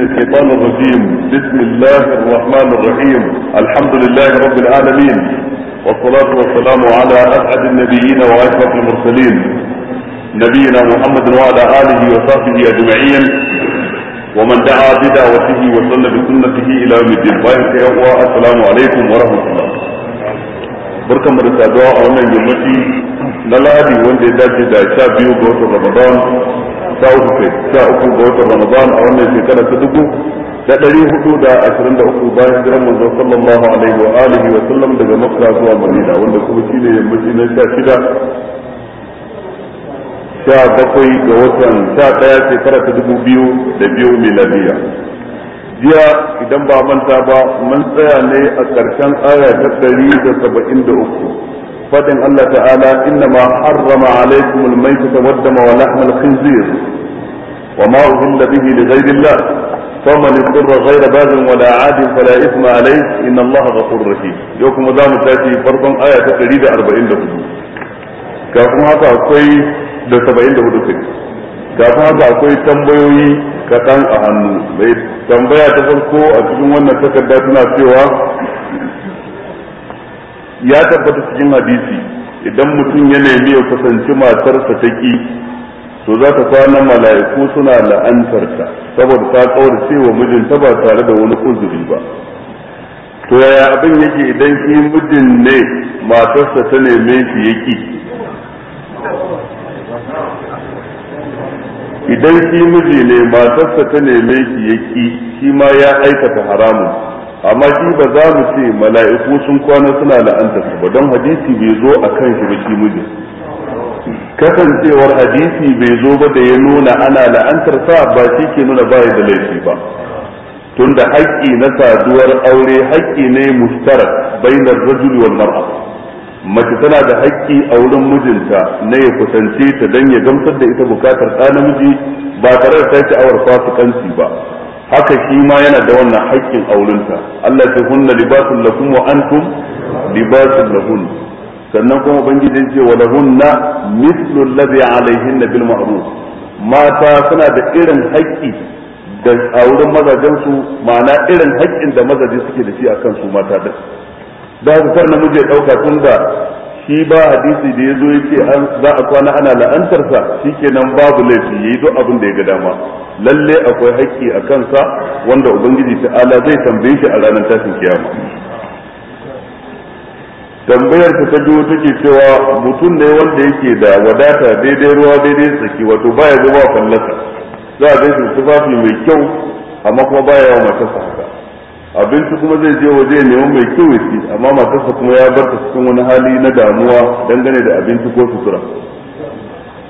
من الشيطان الرجيم بسم الله الرحمن الرحيم الحمد لله رب العالمين والصلاة والسلام على أسعد النبيين وأشرف المرسلين نبينا محمد وعلى آله وصحبه أجمعين ومن دعا بدعوته وصلى بسنته إلى يوم الدين السلام عليكم ورحمة الله barkan mu da saduwa a wannan yammaci na lahadi wanda ya dace da sha biyu ga watan ramadan sa uku kai sha uku ga watan ramadan a wannan shekara ta dubu da ɗari hudu da ashirin da uku bayan hijiran manzo sallallahu alaihi wa alihi wa sallam daga makka zuwa madina wanda kuma shi shine yammaci na sha shida sha bakwai ga watan sha ɗaya shekara ta dubu biyu da biyu miladiya jiya idan ba manta ba mun tsaya ne a ƙarshen aya ta ɗari da saba'in da uku فدن الله تعالى إنما حرم عليكم الميتة والدم ولحم الخنزير وما أهل به لغير الله فمن اضطر غير باغ ولا عاد فلا إثم عليه إن الله غفور رحيم يوكم دام تاتي فرضا آية تقريبا 40 kafin haka akwai da 74 kai kafin haka akwai tambayoyi kaɗan a hannu mai tambaya ta farko a cikin wannan takarda tana cewa ya tabbata cikin hadisi idan mutum ya nemi ya kusanci matarsa ta ki to za ta kwana mala'iku suna la'antarta saboda ta kawar wa mijinta ba tare da wani uzuri ba to yaya abin yake idan shi mijin ne matarsa ta neme shi ya ki idan shi miji ne matarsa ta neme shi ya shi ma ya aikata haramun amma shi ba za mu ce mala'iku sun kwana suna la'anta ba don hadisi bai zo a kan shi ba shi kasancewar hadisi bai zo ba da ya nuna ana la'antar sa ba shi ke nuna ba da laifi ba tunda haƙƙi na saduwar aure haƙƙi ne mustarak bainar rajul wal mar'a mace tana da haƙƙi a wurin mijinta na ya kusance ta don ya gamsar da ita bukatar ɗa namiji ba tare da ta ci awar fasikanci ba haka shi ma yana da wannan haƙƙin aurinta Allah ya hunna libasun lakum wa antum libasun lahun sannan kuma ubangijin ce wa lahunna na alladhi alaihinna bil ma'ruf mata suna da irin haƙƙi da auren mazajen su ma'ana irin haƙƙin da mazaje suke da shi akan su mata din da haka kar namiji ya dauka tun da shi ba hadisi da ya zo ya ce za a kwana ana la'antarsa shi shikenan babu laifi ya yi duk abin da ya ga dama lalle akwai haƙƙi a kansa wanda ubangiji ta'ala zai tambaye shi a ranar tashin kiyama tambayar ta wata ke cewa mutum ne wanda yake da wadata daidai ruwa daidai tsaki wato baya zuba fallasa za a gaishe tufafi mai kyau amma kuma baya wa matasa haka abinci kuma zai je waje ya nemi mai kyau ya amma matarsa kuma ya bar ta cikin wani hali na damuwa dangane da abinci ko sutura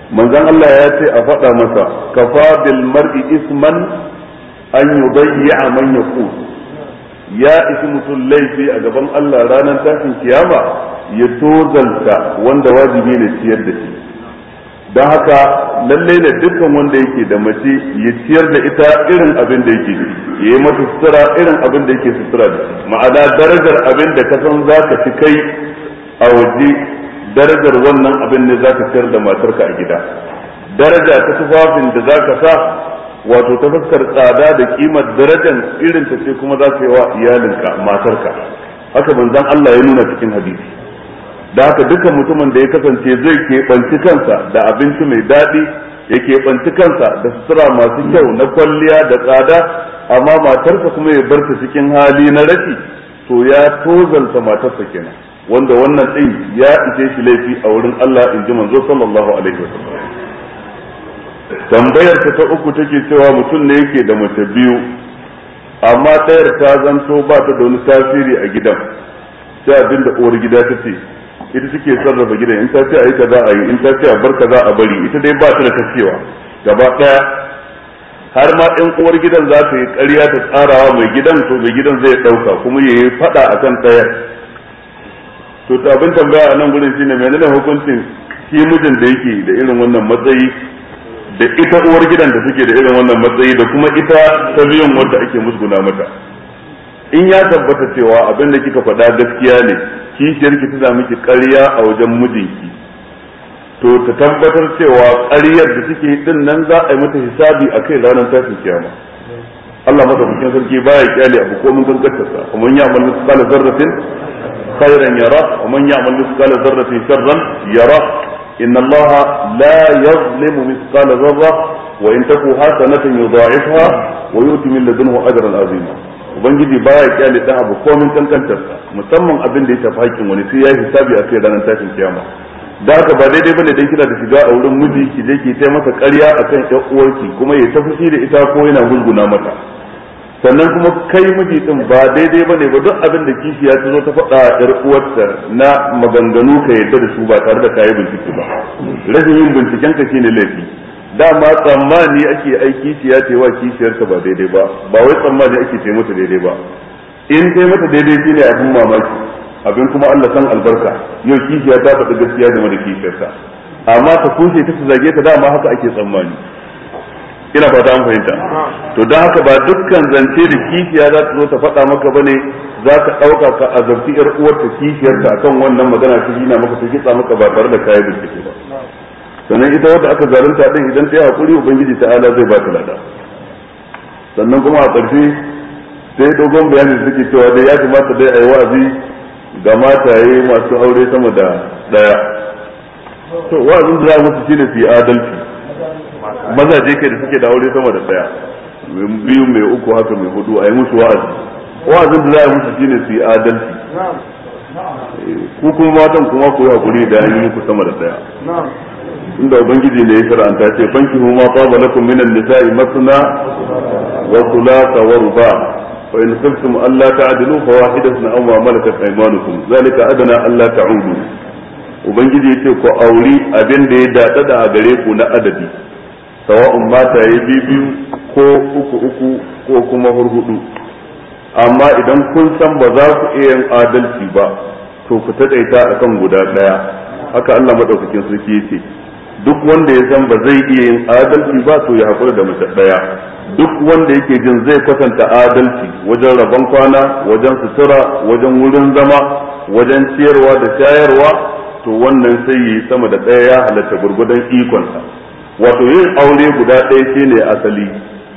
manzon Allah ya ce a faɗa masa kafa bil mar'i isman an yudayya man yaqut ya isi mutum laifi a gaban Allah ranar tashin kiyama ya tozalta wanda wajibi ne ciyar da shi don haka lallai ne dukkan wanda yake da mace ya ciyar da ita irin abin da yake ya yi mata sutura irin abin da yake sutura da ma'ana darajar abin da ka san za ka ci kai a waje darajar wannan abin ne za ka ciyar da matarka a gida daraja ta tufafin da za ka sa wato ta fuskar tsada da kimar darajar irin ta ce kuma za ka yi wa iyalinka matarka haka banzan Allah ya nuna cikin hadisi da haka dukkan mutumin da ya kasance zai keɓanci kansa da abinci mai daɗi ya keɓanci kansa da sutura masu kyau na kwalliya da tsada amma matarsa kuma ya bar ta cikin hali na rashi to ya tozanta matarsa kenan wanda wannan ɗin ya ishe shi laifi a wurin Allah in ji manzo sallallahu alaihi wasallam tambayar ta ta uku take cewa mutum ne yake da mace biyu amma tayar ta zanto ba ta da wani tasiri a gidan sai abinda uwar gida ta ce ita suke sarrafa gidan in ta ce a yi kaza a yi in ta ce a bar kaza a bari ita dai ba ta da kacewa gaba daya har ma ɗan uwar gidan za ta yi ƙarya ta tsarawa mai gidan to mai gidan zai ɗauka kuma ya yi faɗa a kan ɗayar to ta abin tambaya a nan gudun shi ne mai nuna hukuncin shi mijin da yake da irin wannan matsayi da ita uwar gidan da suke da irin wannan matsayi da kuma ita ta biyun wanda ake musguna mata in ya tabbata cewa abin da kika faɗa gaskiya ne kishiyarki ki ta sami ki ƙarya a wajen mijinki to ta tabbatar cewa ƙaryar da take din nan za a yi mata hisabi a kai ranar tashin kiyama Allah madaukakin sarki baya kyale abu ko mun gangantar kuma ya amal misqala zarratin khairan yara ya man musu misqala zarratin sharran yara inna Allah la yuzlimu misqala zarra wa in taku hasanatan yudha'ifha wa yu'ti min ladunhu ajran azima ubangiji baya kyale dan abu komin kankantarsa musamman abin da ya tafi hakkin wani sai ya hisabi a kai ranar tashin kiyama da haka ba daidai bane dan kina da shiga a wurin miji ki je ki tai masa ƙarya akan ƴan uwarki kuma ya ta fushi da ita ko yana gunguna mata sannan kuma kai miji din ba daidai bane ba duk abin da kishi ya zo ta faɗa ƴar uwarta na maganganu ka yadda da su ba tare da kayi bincike ba rashin yin binciken ka shine laifi dama tsammani ake aiki shi ce wa kishiyarsa ba daidai ba ba wai tsammani ake ce mata daidai ba in kai mata daidai shi ne abin mamaki abin kuma Allah san albarka yau kishiya ta faɗi gaskiya game da kishiyarsa amma ta kushe ta zage ta dama haka ake tsammani ina ba ta fahimta to don haka ba dukkan zance da kishiya za ta zo ta faɗa maka ne za ka ɗauka ka azabci yar uwarta kishiyarta akan wannan magana ta gina maka ta kitsa maka ba tare da kayan bincike ba sannan ita wadda aka zalunta din idan ta yi hakuri ubangiji ala zai ba ta lada sannan kuma a ƙarshe sai dogon bayanin da suke cewa dai ya kamata dai a yi wa'azi ga mataye masu aure sama da ɗaya to wa'azin da za a musu shine fi adalci mazaje kai da suke da aure sama da ɗaya biyu mai uku haka mai hudu a yi musu wa'azi wa'azin da za a musu shine fi adalci ku kuma matan kuma ku yi hakuri da an yi muku sama da ɗaya inda ubangiji ne ya shar'anta ce banki huma qaba lakum minan nisa'i masna wa thulatha wa ruba fa in khiftum alla ta'dilu fa wahidatan aw ma malakat aymanukum zalika adana alla ta'udu ubangiji yace ku auri abin da ya dada da gare ku na adadi sawa'un mata ya biyu ko uku uku ko kuma hurhudu amma idan kun san ba za ku iya yin adalci ba to ku taɗaita akan guda ɗaya haka Allah madaukakin sarki yace duk wanda ya san ba zai iya yin adalci ba to ya hakura da mace ɗaya duk wanda yake jin zai kwatanta adalci wajen rabon kwana wajen sutura wajen wurin zama wajen ciyarwa da shayarwa to wannan sai yi sama da ɗaya ya halatta gurgudan ikonsa wato yin aure guda ɗaya ne asali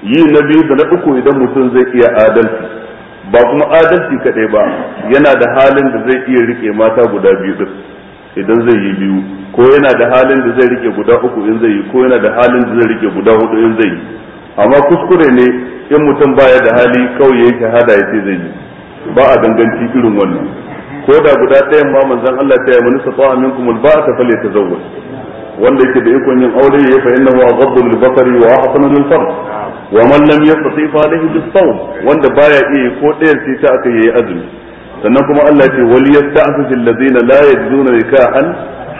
yi na biyu da na uku idan mutum zai iya adalci ba kuma adalci kaɗai ba yana da halin da zai iya rike mata guda biyu duk. idan zai yi biyu ko yana da halin da zai rike guda uku in zai yi ko yana da halin da zai rike guda hudu in zai yi amma kuskure ne in mutum baya da hali kawai ya shahada ya ce zai yi ba a danganci irin wannan ko da guda ɗayan ma manzon Allah ta yi mani safa minkum ta zauwa wanda yake da ikon yin aure ya fa innahu aghaddu lil basari wa ahsanu lil farj wa man lam yastati fa alayhi bis wanda baya iya ko ɗayan sai ta aka yi azumi sannan kuma Allah ce wal yasta'fifu allazina la yajiduna nikahan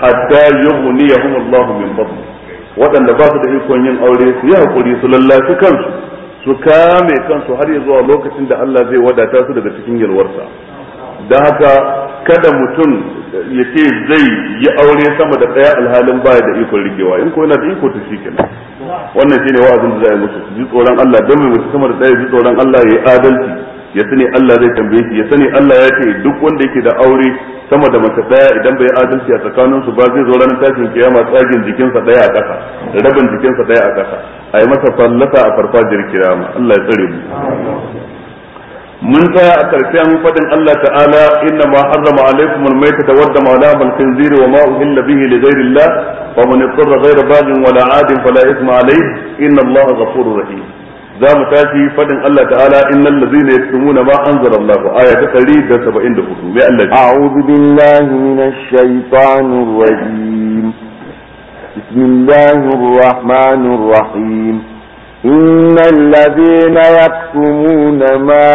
hatta yughniyahum Allah min fadli waɗanda ba su da ikon yin aure su yi hakuri su lallaci kansu su kame kansu har ya zuwa lokacin da Allah zai wadata su daga cikin yalwarsa da haka kada mutum ya ce zai yi aure sama da ɗaya alhalin baya da ikon rigewa in ko yana da iko to shi wannan shine wa'azin da za a yi musu ji tsoron Allah don mai mutum sama da ɗaya ji tsoron Allah ya yi adalci ya sani Allah zai tambaye shi ya sani Allah ya ce duk wanda yake da aure sama da mace daya idan bai adalci a tsakanin su ba zai zo ranar tashin kiyama tsagin jikinsa daya a ƙasa rabin jikinsa daya a ƙasa a yi masa fallasa a farfajiyar kiyama Allah ya tsare mu mun tsaya a karshen fadin Allah ta'ala inna ma harrama alaikum al-maytata wa dama la bal khinzir wa ma uhilla bihi li ghayri Allah wa man yuqra ghayra baghin wala 'adin fala ithma alayhi inna Allah ghafurur rahim za mu tashi fadin Allah ta'ala innal ladhina yaktumuna ma anzala Allah aya ta 174 mai Allah a'udhu billahi minash shaitanir rajim bismillahir rahmanir rahim innal ladhina yaktumuna ma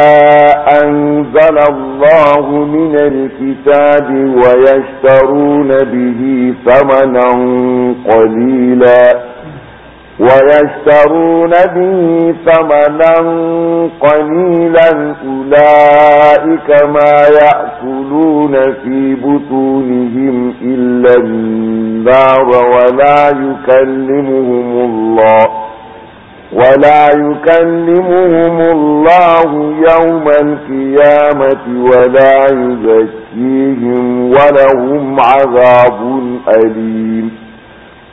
ما Allah minal kitabi wa yashtaruna bihi thamanan qalilan ويشترون به ثمنا قليلا أولئك ما يأكلون في بطونهم إلا النار ولا يكلمهم الله ولا يكلمهم الله يوم القيامة ولا يزكيهم ولهم عذاب أليم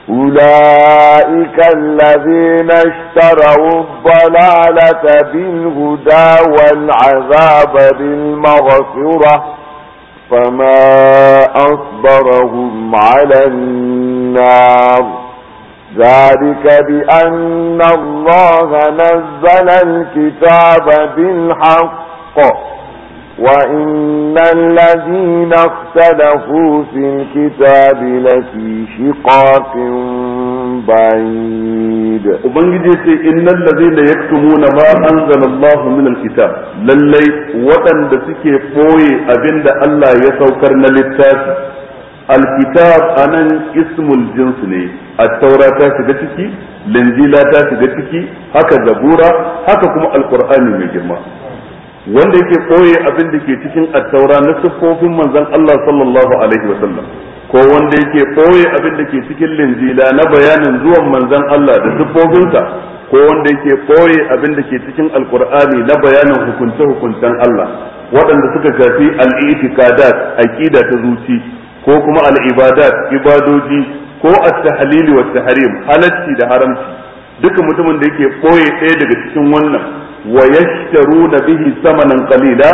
أولئك الذين اشتروا الضلالة بالهدى والعذاب بالمغفرة فما أصبرهم على النار ذلك بأن الله نزل الكتاب بالحق وإن الذين اختلفوا في الكتاب لفي شقاق بعيد وبنجي إن الذين يكتمون ما أنزل الله من الكتاب للي وطن دسكي قوي أبند الله يسوكرنا للتاسي الكتاب أنا اسم الجنس لي التوراة تاسي الإنجيل تاسي هكا زبورة هكا كما القرآن من جمع wanda yake koye abin da ke cikin attaura na siffofin manzon Allah sallallahu alaihi wasallam ko wanda yake koye abin da ke cikin linjila na bayanin zuwan manzon Allah da siffofinsa ko wanda yake koye abin da ke cikin alkur'ani na bayanin hukunce-hukuncen Allah waɗanda suka shafi al-i'tiqadat aqida ta zuci ko kuma al-ibadat ibadoji ko at-tahlil wa at-tahrim halacci da haramci duka mutumin da yake boye ɗaya daga cikin wannan wa da bihi samanan qalila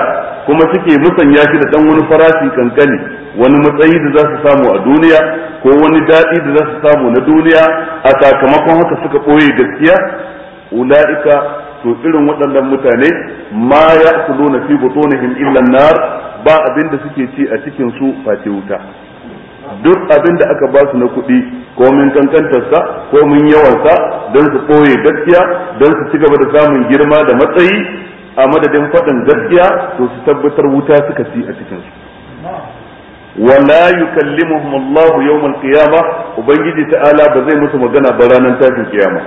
kuma suke musanya shi da dan wani farashi kankani wani matsayi da za su samu a duniya ko wani daɗi da za su samu na duniya a sakamakon haka suka ɓoye gaskiya ula'ika to irin waɗannan mutane ma ya fi fi butunihim illa nar ba abinda suke ci a cikin su face wuta duk abin da aka basu na kuɗi ko min kankantarsa ko min yawansa don su ɓoye gaskiya don su ci gaba da samun girma da matsayi a madadin faɗin gaskiya to su tabbatar wuta suka ci a cikin su wala yukallimuhum Allah yawm al-qiyama ubangiji ta'ala ba zai musu magana ba ranar tashin kiyama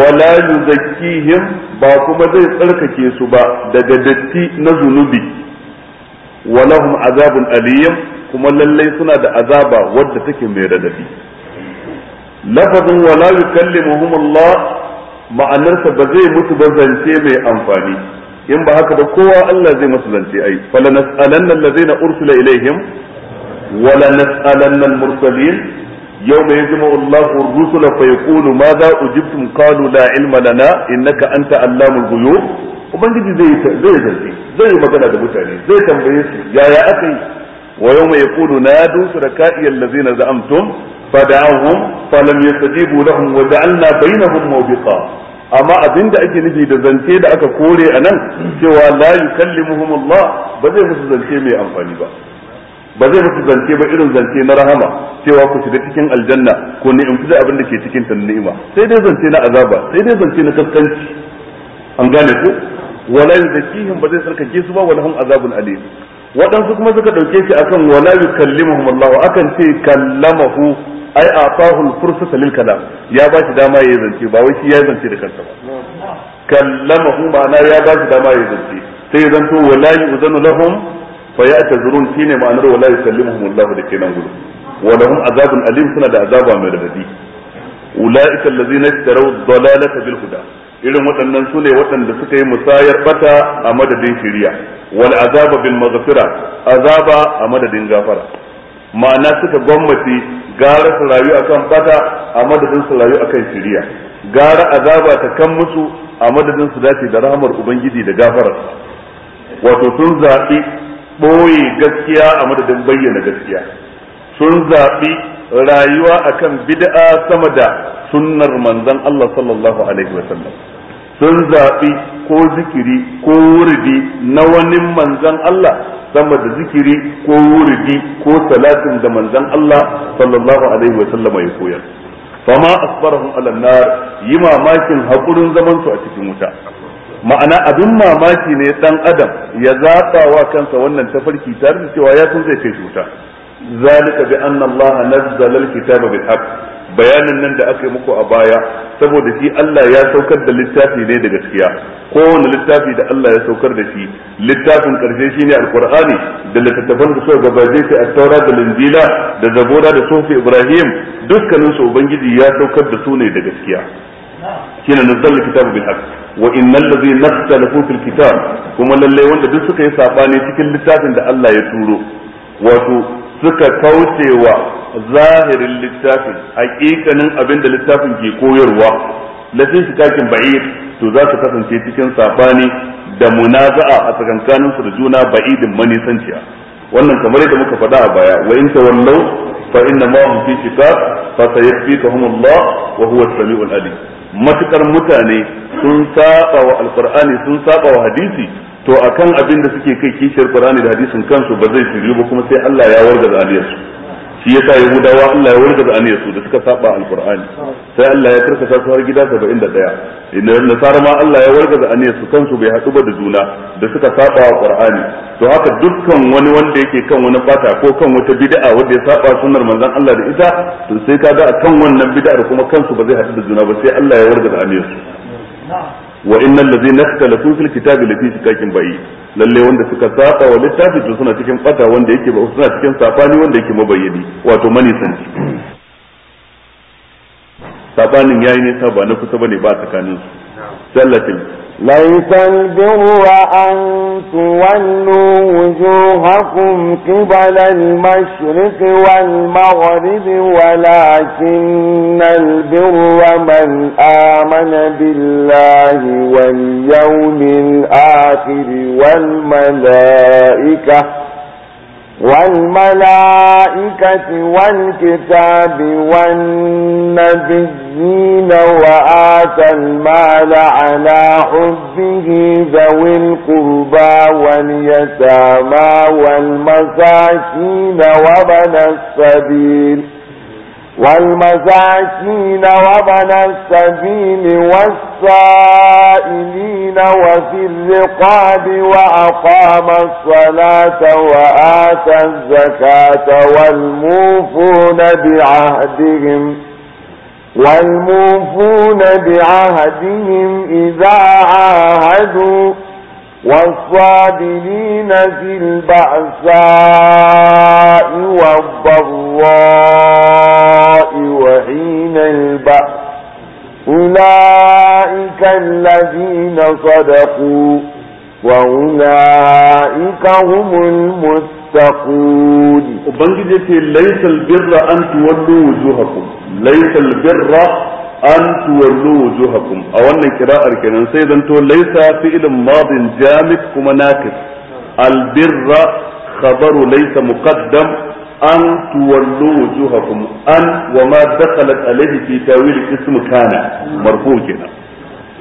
wala yuzakkihim ba kuma zai tsarkake su ba daga datti na zunubi walahum lahum azabun kuma lallai suna da azaba wadda take mai radadi lafazin wala yukallimuhum Allah ma'anarsa ba zai mutu ba zance mai amfani in ba haka ba kowa Allah zai masa zance ai fala allazina ursila ilaihim wala nas'alanna al-mursalin يوم يجمع الله الرسل فيقول ماذا أجبتم قالوا na علم لنا إنك أنت علام الغيوب وبنجي زي زي zai زي magana da mutane zai tambaye su yaya aka yi wa yawma yaqulu nadu shuraka'i allazina za'amtum fada'ahum falam yastajibu lahum wa ja'alna bainahum mawbiqa amma abinda ake nufi da zance da aka kore a nan cewa la yukallimuhum Allah ba zai musu zance mai amfani ba ba zai musu zance ba irin zance na rahama cewa ku shiga cikin aljanna ko ne in abin da ke cikin ta ni'ima sai dai zance na azaba sai dai zance na kaskanci an gane ku wala yuzakihim ba zai sarkake su ba wala hum azabun alim waɗansu kuma suka ɗauke shi akan wala yukallimuhum Allah akan ce kallamahu ai atahu al-fursata lil kalam ya ba shi dama yayin zance ba wai shi ya zance da kansa ba kallamahu ma'ana ya ba shi dama yayin zance sai ya zanto wala yu'zanu lahum fa shi shine ma'anar wala yukallimuhum Allah da kenan gudu wa lahum azabun alim suna da azaba mai radadi ulaika allazina ishtaraw ad-dalalata bil huda irin waɗannan su ne waɗanda suka yi musayar bata a madadin shiriya wal azaba bil maghfira azaba a madadin gafara ma'ana suka gwammace gara su rayu akan bata a madadin su rayu akan shiriya gara azaba ta kan musu a madadin su dace da rahmar ubangiji da gafara wato sun zaɓi ɓoye gaskiya a madadin bayyana gaskiya sun zaɓi rayuwa akan bid'a sama da sunnar manzon Allah sallallahu alaihi wa sallam. sun zaɓi ko zikiri ko wurdi na wani manzon Allah sama da zikiri ko wurdi ko salatin da manzon Allah sallallahu alaihi wa sallam ya koyar fama asbarahum ala nar yi mamakin hakurin zaman su a cikin wuta ma'ana abin mamaki ne dan adam ya zaɓa wa kansa wannan tafarki tare da cewa ya san zai kai wuta zalika bi anna allaha nazzala alkitaba bil haqq bayanin nan da aka yi muku a baya saboda shi Allah ya saukar da littafi ne da gaskiya kowane littafi da Allah ya saukar da shi littafin karshe shine alqur'ani da littattafan da suka gabaje shi at taurat da injila da zabura da sufi ibrahim dukkanin su ubangiji ya saukar da su ne da gaskiya kina nazzal kitabu bil haqq wa innal ladhina ikhtalafu fil kitab kuma lalle wanda duk suka yi sabani cikin littafin da Allah ya turo wato suka kauce wa zahirin littafin hakikanin abin da littafin ke koyarwa lafi su kakin ba'ir to za su kasance cikin safani da munaza'a a tsakankanin su da juna ba'idin manisanciya wannan kamar yadda muka faɗa a baya wa in tawallau fa inna ma hum fi shiqaq fa sayakfikuhum Allah wa huwa as-sami'ul alim matukar mutane sun saba wa alqur'ani sun saba wa hadisi to akan abin da suke kai kishiyar Qur'ani da hadisin kansu ba zai shiryu ba kuma sai Allah ya warga aniyar su shi yasa Yahudawa Allah ya warga aniyar su da suka saba al sai Allah ya karkasa su har gida 71 inda nasara ma Allah ya warga aniyar su kansu bai hadu ba da juna da suka saba Qur'ani to haka dukkan wani wanda yake kan wani fata ko kan wata bid'a wanda ya saba sunnar manzon Allah da ita to sai kaga akan wannan bid'ar kuma kansu ba zai haɗu da juna ba sai Allah ya warga aniyar su wa innal ladzina ikhtalafu fil kitabi lafi shikakin bayi lalle wanda suka saba wa littafi to suna cikin fata wanda yake ba suna cikin sabani wanda yake mabayyani wato san sabanin yayi ne ba na kusa bane ba tsakanin su sallatin ليس البر أن تولوا وجوهكم قبل المشرق والمغرب ولكن البر من آمن بالله واليوم الآخر والملائكة والملائكة والكتاب والنبيين وآتى المال على حبه ذوي القربى واليتامى والمساكين وابن السبيل والمساكين وبن السبيل والسائلين وفي الرقاب وأقام الصلاة وآتى الزكاة والموفون بعهدهم والموفون بعهدهم إذا عاهدوا والصابرين في البأساء والضراء وحين البأس أولئك الذين صدقوا وأولئك هم المتقون وبنجد ليس البر أن تولوا وجوهكم ليس البر an tuwallu wujuhakum a wannan kira'ar kenan sai zanto laisa fi'lun madin jamid kuma naqis albirra khabaru laisa muqaddam an tuwallu wujuhakum an wa ma dakhalat alayhi fi tawil ism kana marfu kenan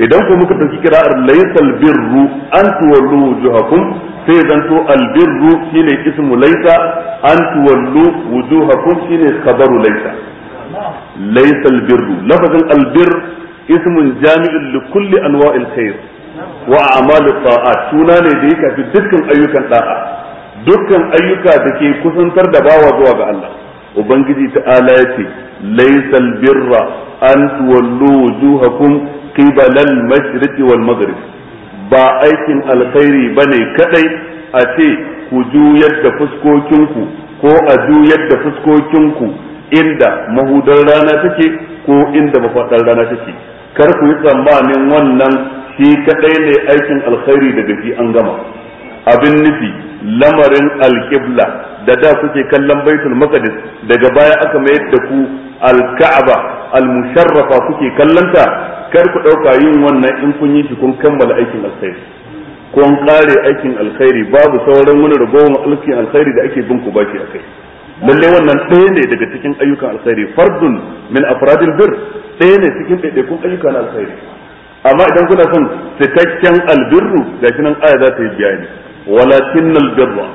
idan ko muka dauki kira'ar laisa albirru an tuwallu wujuhakum sai zanto albirru shine ismu laisa an tuwallu wujuhakum shine khabaru laisa laysa albirru lafazin albir ismun jami'un li kulli anwa'il khair wa a'malu suna ne da yake fi dukkan ayyukan da'a dukkan ayyuka da ke kusantar da bawa zuwa ga Allah ubangiji ta'ala yace laysa albirra an tuwallu wujuhakum qibala al-mashriqi wal maghrib ba aikin alkhairi bane kadai a ce ku juyar da fuskokinku ko a juyar da fuskokinku inda mahudar rana take ko inda mafaɗar rana take kar ku yi tsammanin wannan shi kadai ne aikin alkhairi daga shi an gama abin nufi lamarin alkibla da da kuke kallon baitul maqdis daga baya aka mayar da ku alka'aba almusharrafa kuke kallonta kar ku dauka yin wannan in kun yi shi kun kammala aikin alkhairi kun kare aikin alkhairi babu sauran wani ragowar alkin alkhairi da ake bin ku baki akai lalle wannan ɗaya ne daga cikin ayyukan alkhairi fardun min afradil bir ɗaya ne cikin ɗaiɗaikun ayyukan alkhairi amma idan kuna son cikakken albirru ga nan aya za ta yi bayani walakin albirra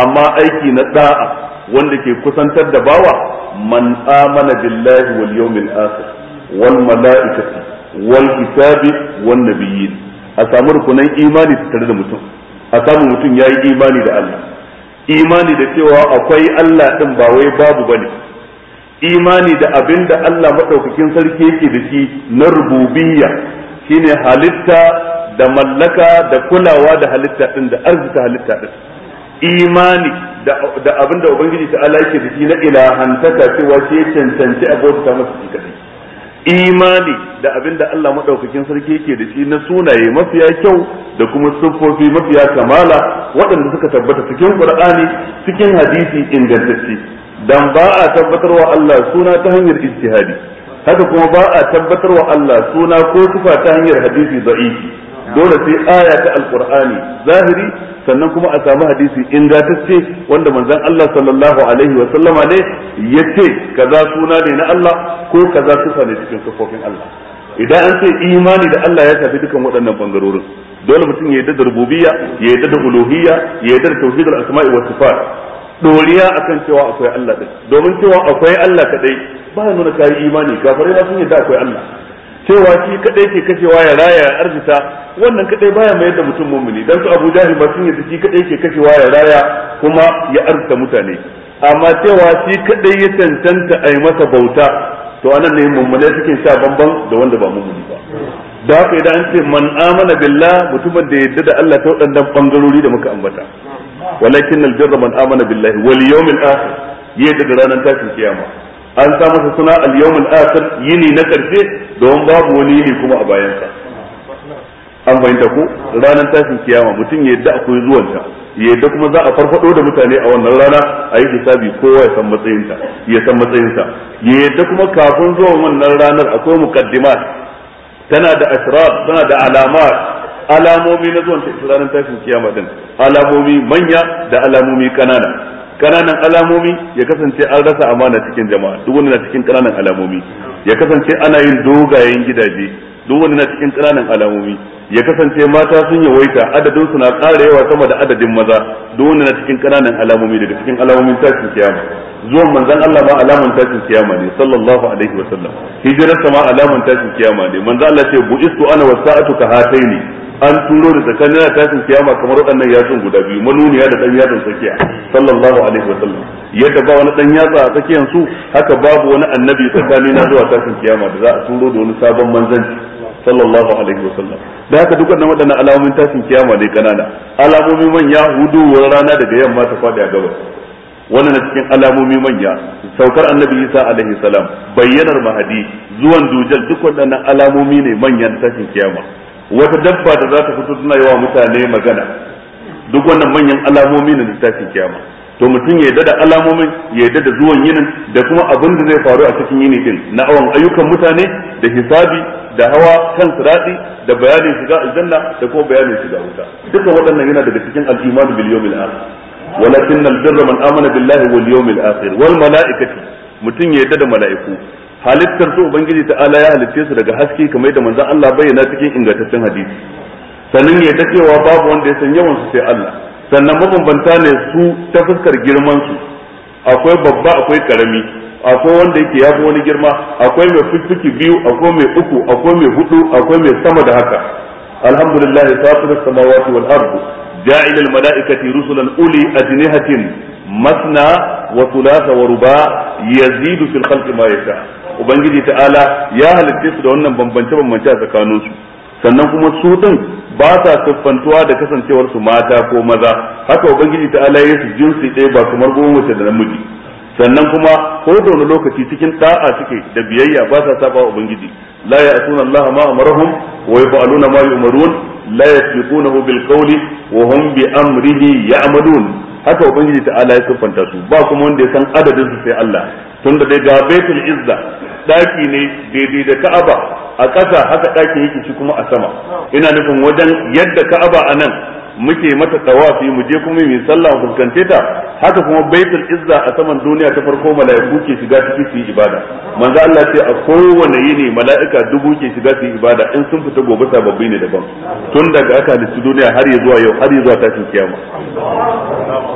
amma aiki na da'a wanda ke kusantar da bawa man amana billahi wal yawmil akhir wal malaikati wal kitabi wan nabiyyin a samu rukunan imani tare da mutum a samu mutum yayi imani da Allah imani da cewa akwai Allah din ba wai babu bane imani da abin da Allah madaukakin sarki yake da shi na rububiyya shine halitta da mallaka da kulawa da halitta din da arzika halitta din imani da abin da ubangiji ta ala da shi na ilahantaka cewa shi cancanci abota masa shi imani da abin da Allah maɗaukakin sarki yake da shi na sunaye mafiya kyau da kuma siffofi mafiya kamala waɗanda suka tabbata cikin Qur'ani cikin hadisi ingantacce dan ba a wa Allah suna ta hanyar ijtihadi haka kuma ba a tabbatar wa Allah suna ko sifa ta hanyar hadisi da'ifi dole sai aya ta alqur'ani zahiri sannan kuma a samu hadisi ingantacce wanda manzon Allah sallallahu alaihi wa sallama ne yace kaza suna ne na Allah ko kaza sifa ne cikin sifofin Allah idan an ce imani da Allah ya tafi dukan waɗannan bangarorin dole mutum ya yarda da rububiyya ya yarda da uluhiyya ya yarda da tauhidul asma'i was sifat doriya akan cewa akwai Allah din domin cewa akwai Allah kadai ba ya nuna kai imani kafirai ba sun yarda akwai Allah cewa shi kadai ke kashewa ya raya ya arzita wannan kadai baya mayar da mutum mumuni dan su Abu Jahil ba sun yadda shi kadai ke kashewa ya raya kuma ya arzita mutane amma cewa shi kadai ya tantanta ai masa bauta to anan ne mummune suke sa bamban da wanda ba mumuni ba da haka idan an ce man amana billah mutumin da yadda da Allah ta wadannan bangarori da muka ambata walakin albirra man amana billahi wal yawmil akhir yadda da ranar tashin kiyama an sa masa suna al-yawmul akhir yini na karshe don babu wani yini kuma a bayansa an fahimta ku ranar tashin kiyama mutum ya yadda akwai zuwanta ya yadda kuma za a farfado da mutane a wannan rana a yi hisabi kowa ya san ta ya san matsayin ya yadda kuma kafin zuwan wannan ranar akwai muqaddimat tana da asrar tana da alamat alamomi na zuwan ranar tashin kiyama din alamomi manya da alamomi kanana kananan alamomi ya kasance an rasa amana cikin jama'a duk wanda na cikin kananan alamomi ya kasance ana yin dogayen gidaje duk wanda na cikin kananan alamomi ya kasance mata sun yawaita adadin su na ƙara yawa sama da adadin maza duk wanda na cikin kananan alamomi daga cikin alamomin tashin kiyama zuwan manzon Allah ma alamun tashin kiyama ne sallallahu alaihi wa sallam hijirar ma alamun tashin kiyama ne manzon Allah ce bu'istu ana wasa'atu ka hataini an turo da tsakanin a tashin kiyama kamar waɗannan yatsun guda biyu manuniya da ɗan yatsun tsakiya sallallahu alaihi wa sallam yadda ba wani ɗan yatsa a tsakiyan su haka babu wani annabi tsakanin na zuwa tashin kiyama da za a turo da wani sabon manzanci sallallahu alaihi wa sallam da haka duk wannan waɗannan alamomin tashin kiyama ne kanana alamomin manya huduwar rana daga yamma ta faɗi a gabas wannan cikin alamomi manya saukar annabi isa alaihi salam bayyanar mahadi zuwan dujal duk waɗannan alamomi ne manyan tashin kiyama wata dabba da za ta fito tana wa mutane magana duk wannan manyan alamomi na littafin kiyama to mutum ya yarda da alamomin ya yarda da zuwan yinin da kuma abin da zai faru a cikin yini din na awan ayyukan mutane da hisabi da hawa kan sirati da bayanin shiga aljanna da kuma bayanin shiga wuta duka waɗannan yana daga cikin al-iman bil yawmil akhir walakin al-birra man amana billahi wal yawmil akhir wal malaikati mutum ya yarda da mala'iku halittar su ubangiji ta'ala ya halitte su daga haske kamar yadda manzon Allah bayyana cikin ingantaccen hadisi sannan ya ta cewa babu wanda ya san yawan su sai Allah sannan mabambanta ne su ta fuskar girman su akwai babba akwai karami akwai wanda yake ya wani girma akwai mai fuffuki biyu akwai mai uku akwai mai hudu akwai mai sama da haka alhamdulillah fatir samawati wal ardu ja'il al malaikati rusulan uli ajnihatin masna wa thulatha wa ruba yazidu fil khalqi ma yasha' ubangiji ta'ala ya halitta su da wannan bambance bambance a tsakanin su sannan kuma su din ba sa siffantuwa da kasancewar su mata ko maza haka ubangiji ta'ala ya su jinsi ɗaya ba kamar goma mace da namiji sannan kuma ko da wani lokaci cikin da'a suke da biyayya ba sa saba ubangiji la ya'tuna Allah ma amarahum wa yaf'aluna ma yu'marun la yasbiqunahu bil qawli wa hum bi amrihi ya'malun haka ubangiji ta'ala ya siffanta su ba kuma wanda ya san adadin su sai Allah tunda dai ga baitul izza daki ne daidai da ka'aba a ƙasa haka daki yake shi kuma a sama ina nufin wajen yadda ka'aba a nan muke mata tawafi mu je kuma mu sallah fuskante ta haka kuma baitul izza a saman duniya ta farko mala'iku ke shiga ciki su yi ibada manzo Allah ce a kowane yini mala'ika dubu ke shiga su yi ibada in sun fita gobe sababbi ne daban tun daga aka halitta duniya har ya zuwa yau har zuwa tashin kiyama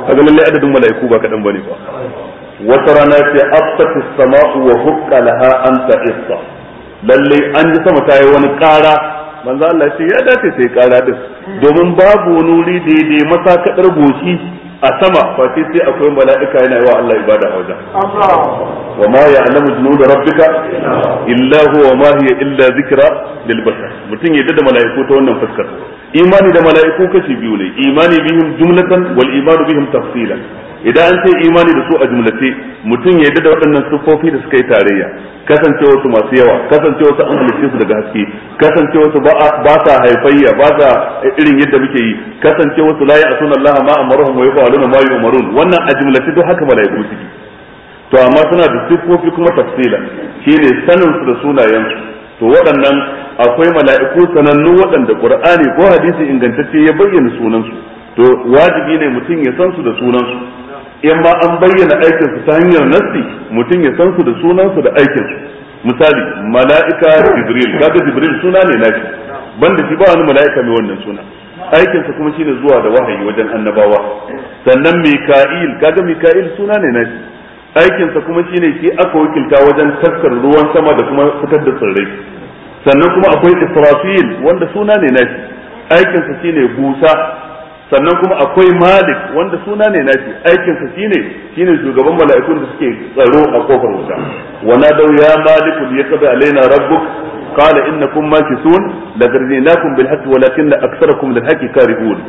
kaga lalle adadin mala'iku ba kadan bane ba wata rana ce abtati sama'u wa hukka laha an isa. lalle an ji sama ta yi wani ƙara manzo Allah ce ya dace sai ƙara din domin babu wani wuri daidai masakadar goshi a sama ba sai sai akwai mala'ika yana wa Allah ibada a wajen wa ma ya'lamu junud rabbika illa huwa ma hiya illa zikra lil bashar mutum ya da mala'iku ta wannan fuskar imani da mala'iku kashi biyu ne imani bihim jumlatan wal imanu bihim tafsilan idan an ce imani da su a jumlace mutum ya yarda da waɗannan siffofi da suka yi tarayya kasancewa su masu yawa kasancewa su an halicce su daga haske kasancewa su ba sa haifayya ba sa irin yadda muke yi kasancewa su layi a Allah ma amaruhum wa yaquluna ma yu'marun wannan a jumlace duk haka malaiku suke to amma suna da siffofi kuma tafsila shine sanin su da sunayen to waɗannan akwai mala'iku sanannu waɗanda qur'ani ko hadisi ingantacce ya bayyana sunansu to wajibi ne mutum ya san su da sunansu in ba an bayyana aikin su ta hanyar nassi mutum ya san su da sunan su da aikin su misali mala'ika jibril kaga jibril suna ne nashi banda shi ba wani mala'ika mai wannan suna aikin sa kuma shine zuwa da wahayi wajen annabawa sannan mika'il kaga mika'il suna ne nashi aikin sa kuma shine shi aka wakilta wajen taskar ruwan sama da kuma fitar da tsirrai sannan kuma akwai israfil wanda suna ne nashi aikin sa shine busa sannan kuma akwai malik wanda suna ne nashi aikin sa shine shine shugaban mala'ikun da suke tsaro a kofar wuta wa nadaw ya malik yaqdi alaina rabbuk qala innakum makisun lagarrinakum bil haqq walakinna aktharakum lil haqq karihun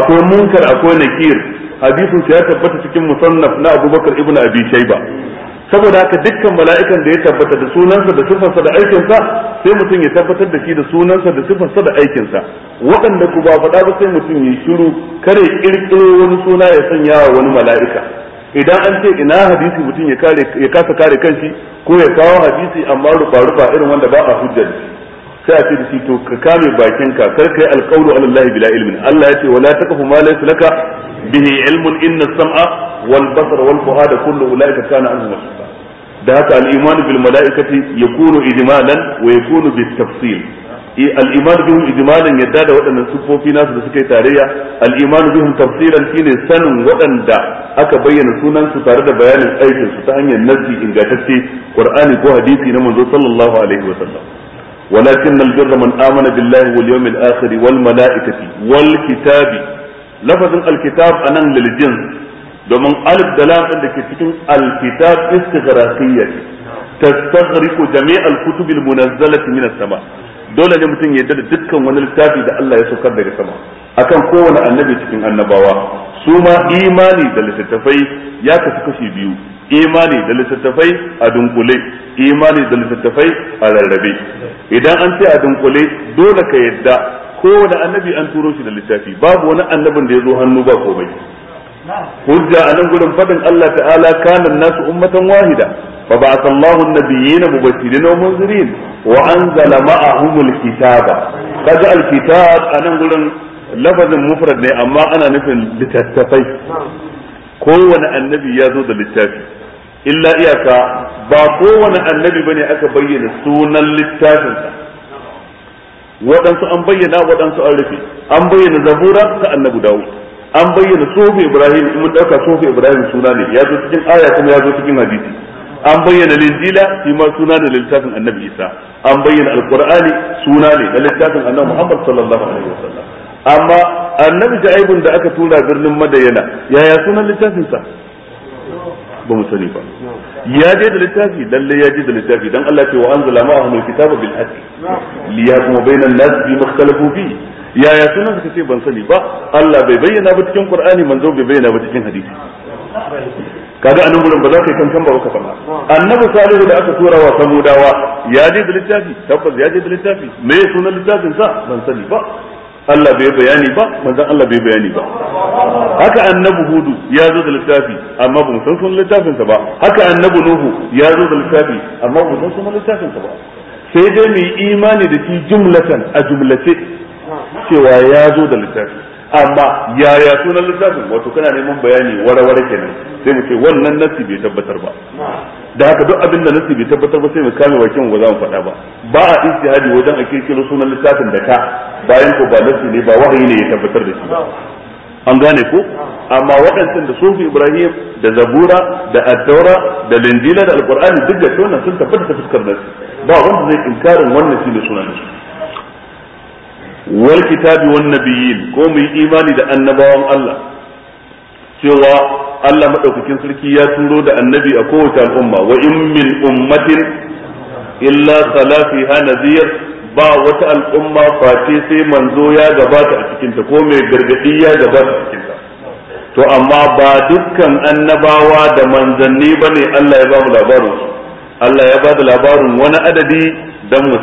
akwai munkar akwai nakir hadisin ya tabbata cikin musannaf na abubakar ibnu abi shayba saboda haka dukkan mala'ikan da ya tabbata da sunansa da sifarsa da aikinsa sai mutum ya tabbatar da shi da sunansa da sifarsa da aikinsa waɗanda ku ba faɗa ba sai mutum ya shiru kare kirkiro wani suna ya sanya wa wani mala'ika idan an ce ina hadisi mutum ya kasa kare kanshi ko ya kawo hadisi amma rufa rufa irin wanda ba a hujjar sai a ce da shi to ka kame bakinka kar kai yi ala allahi bila ilmin Allah ya ce wala taqfu ma laysa laka bihi ilmun inna sama wal basara wal fuada kullu ulaika kana anhu mas'ula da haka al-iman bil malaikati yakunu ijmalan wa yakunu bit tafsil al-iman bihum ijmalan yadda da waɗannan sufofi nasu da suka tarayya al-iman bihum shine sanin waɗanda aka bayyana sunan su tare da bayanin aikin su ta hanyar nassi ingantacce qur'ani ko hadisi na manzo sallallahu alaihi wa sallam ولكن البر من آمن بالله واليوم الآخر والملائكة والكتاب لفظ الكتاب أنا للجنس domin alif da lam da ke cikin alkitab istighraqiyya tastaghriqu jami' al-kutub al-munazzalati min as-sama dole ne mutum ya yarda dukkan wani littafi da Allah ya saukar daga sama akan kowane annabi cikin annabawa su ma imani da littattafai ya kasu kashi biyu imani da littattafai a dunkule imani da littattafai a rarrabe idan an ce a dunkule dole ka yadda kowane annabi an turo shi da littafi babu wani annabin da ya zo hannu ba komai hujja a nan gudun faɗin Allah ta'ala kanan nasu ummatan wahida fa san Allahu an na mubashirin wa munzirin wa anzala ma'ahum al-kitaba kaga al-kitab a nan gurin lafazin mufrad ne amma ana nufin littattafai kowane annabi ya zo da littafi illa iyaka ba kowane annabi bane aka bayyana sunan littafinsa waɗansu an bayyana waɗansu an rufe an bayyana zabura ta annabi dawud an bayyana sofi ibrahim in mun ɗauka sofi ibrahim suna ne ya zo cikin aya kuma ya zo cikin hadisi an bayyana linjila shi ma suna ne littafin annabi isa an bayyana alqur'ani suna ne da littafin annabi muhammad sallallahu alaihi wasallam amma annabi ja'ibun da aka tura birnin madayana yaya sunan littafinsa ba mu sani ba ya je da littafi lalle ya je da littafi dan Allah ce wa anzala ma'ahum alkitaba bil haqq liyahkuma bainan nas bi makhtalafu fi yaya sunan ka ce ban sani ba Allah bai bayyana ba cikin Qur'ani manzo bai bayyana ba cikin hadisi kaga anan gurin ba za ka yi kankan ba ka faɗa annabi salihu da aka tura wa samudawa ya je da littafi tabbas ya je da littafi me sunan littafin sa ban sani ba Allah bai bayani ba manzon Allah bai bayani ba haka annabi hudu ya zo da littafi amma ba mu san sunan littafin sa ba haka annabi nuhu ya zo da littafi amma ba mu san sunan littafin sa ba sai dai mu yi imani da shi jumlatan a jumlace cewa ya zo da littafi amma yaya sunan littafin wato kana neman bayani warware kenan sai mu ce wannan nasi bai tabbatar ba da haka duk abin da nasi bai tabbatar ba sai mu kame bakin ba za mu faɗa ba ba a istihadi wajen a kirkiro sunan littafin da ka bayan ko ba nasi ne ba wahayi ne ya tabbatar da shi ba an gane ko amma waɗancan da sufi ibrahim da zabura da addaura da linjila da alqur'ani duk da sunan sun tabbata ta fuskar nasi ba wanda zai inkarin wannan shi ne sunan su wal kitabi wan nabiyyin ko mu yi imani da annabawan Allah cewa Allah madaukakin sarki ya turo da annabi a kowace al'umma wa in min ummatin illa salafiha nazir ba wata al'umma face sai manzo ya gabata a cikinta ko mai gargadi ya gabata a cikin to amma ba dukkan annabawa da manzanni bane Allah ya ba mu labarin Allah ya ba da labarin wani adadi dan mu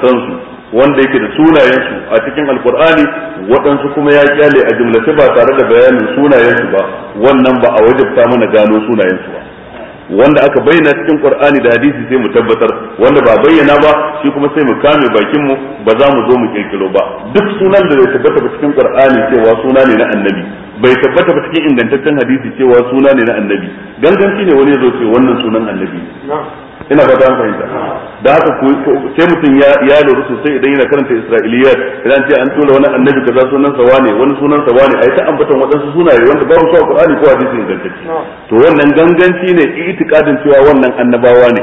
wanda yake da sunayensu a cikin alkur'ani waɗansu kuma ya kyale a jumlace ba tare da bayanin sunayensu ba wannan ba a wajabta mana gano sunayensu ba wanda aka bayyana cikin qur'ani da hadisi sai mu tabbatar wanda ba bayyana ba shi kuma sai mu kame bakin mu ba za mu zo mu kirkiro ba duk sunan da bai tabbata ba cikin qur'ani cewa suna ne na annabi bai tabbata ba cikin ingantaccen hadisi cewa suna ne na annabi ganganci ne wani ya zo ce wannan sunan annabi ina fata an fahimta da haka sai mutum ya ya lura sosai idan yana karanta isra'iliyat idan ce an tura wani annabi kaza sunan sa wane wani sunan sa wane ai ta ambatan wadansu sunaye wanda babu su a Qur'ani ko hadisi ingantacce to wannan ganganci ne itikadin cewa wannan annabawa ne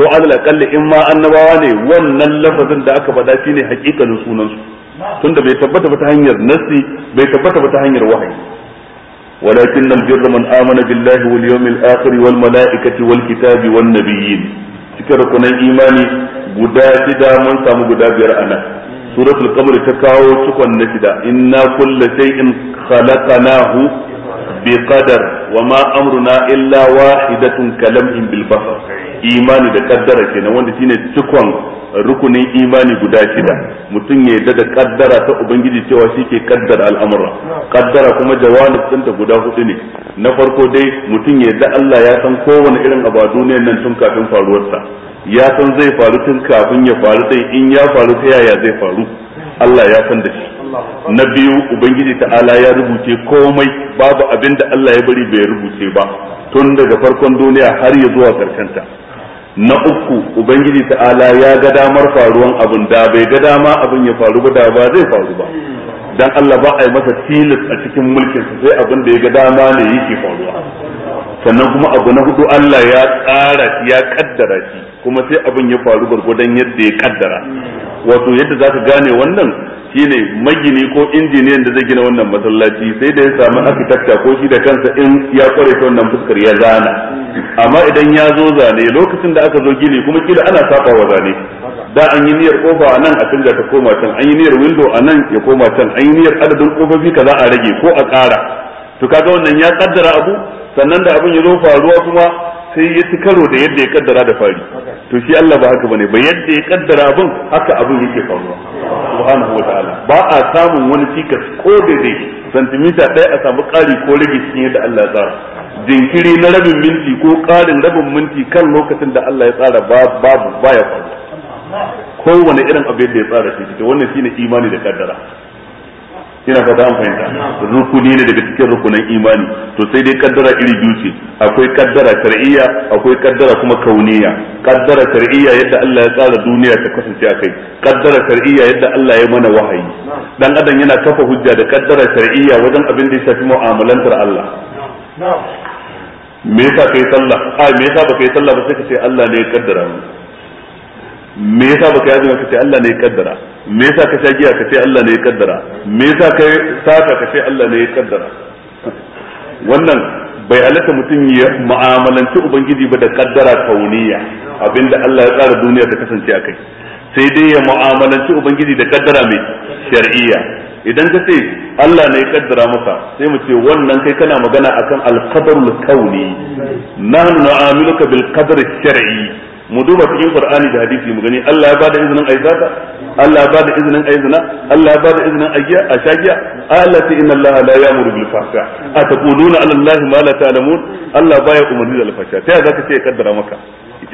ko alal aqalli in ma annabawa ne wannan lafazin da aka faɗa shine ne sunan su tunda bai tabbata ba ta hanyar nassi bai tabbata ba ta hanyar wahayi ولكن البر من آمن بالله واليوم الآخر والملائكة والكتاب والنبيين cikin rukunan imani guda shida mun samu guda biyar a nan suratul qamar ta kawo cikon na shida inna kullu shay'in khalaqnahu bi qadar wa ma amruna illa wahidatun kalam bil basar imani da kaddara kenan wanda shine cikon rukunin imani guda shida mutum ya yarda da kaddara ta ubangiji cewa shi ke kaddara al'amura kaddara kuma jawani ɗinta guda hudu ne na farko dai mutum ya yarda Allah ya san kowane irin abu a duniyar nan tun kafin faruwarsa ya san zai faru tun kafin ya faru dai in ya faru ta yaya zai faru Allah ya san da shi na biyu ubangiji ta'ala ya rubuce komai babu abin da Allah ya bari bai rubuce ba tun daga farkon duniya har ya zuwa karshen ta na uku ubangiji ta'ala ya ga damar faruwan abin da bai ga dama abin ya faru ba da ba zai faru ba dan Allah ba a yi masa tilas a cikin mulkin sai abin da ya ga dama ne yake faruwa sannan kuma abu na hudu Allah ya tsara ya kaddara shi kuma sai abin ya faru gurgudan yadda ya kaddara wato yadda zaka gane wannan shine magini ko injiniyan da zai gina wannan masallaci sai da ya samu architecture ko shi da kansa in ya kware ta wannan fuskar ya zana amma idan ya zo zane lokacin da aka zo gini kuma kila ana saba wa zane da an yi niyyar kofa a nan a canza ta koma can an yi niyyar window a nan ya koma can an yi niyyar adadin kofofi kaza a rage ko a kara to kaga wannan ya kaddara abu sannan da abin ya zo faruwa kuma sai ya ci karo da yadda ya kaddara da fari to shi Allah ba haka bane ba yadda ya kaddara abin haka abin yake faruwa subhanahu wataala ba a samun wani cikas ko da zai santimita ɗaya a samu ƙari ko rage cikin yadda Allah ya tsara jinkiri na rabin minti ko ƙarin rabin minti kan lokacin da Allah ya tsara babu baya faru kowane irin abin da ya tsara shi cikin wannan shine imani da kaddara ina fata an fahimta rukuni ne daga cikin rukunan imani to sai dai kaddara iri biyu ce akwai kaddara shar'iyya akwai kaddara kuma kauniya kaddara shar'iyya yadda Allah ya tsara duniya ta kasance akai kaddara shar'iyya yadda Allah ya mana wahayi dan adam yana kafa hujja da kaddara shar'iyya wajen abin da ya shafi mu'amalantar Allah me yasa kai sallah a me yasa baka yi sallah ba sai ka ce Allah ne ya kaddara mu me yasa baka yi azumi ka ce Allah ne ya kaddara me yasa ka sha giya ka ce Allah ne ya kaddara me yasa ka saka ka ce Allah ne ya kaddara wannan bai halatta mutum ya mu'amalanci ubangiji ba da kaddara kauniya abinda Allah ya tsara duniya ta kasance a kai sai dai ya mu'amalanci ubangiji da kaddara mai shar'iyya idan ka ce Allah ne ya kaddara maka sai mu ce wannan kai kana magana akan al-qadarul kauni nahnu na'amiluka bil qadri shar'i mu duba cikin qur'ani da hadisi mu gani Allah ya bada izinin ayi zaka Allah ya bada izinin ayi zina Allah ya bada izinin ayi a shagiya allati inna Allah la ya'muru bil fahsha ataquluna ala Allah ma la ta'lamun Allah baya umarni da al fahsha ta zaka ce ya kaddara maka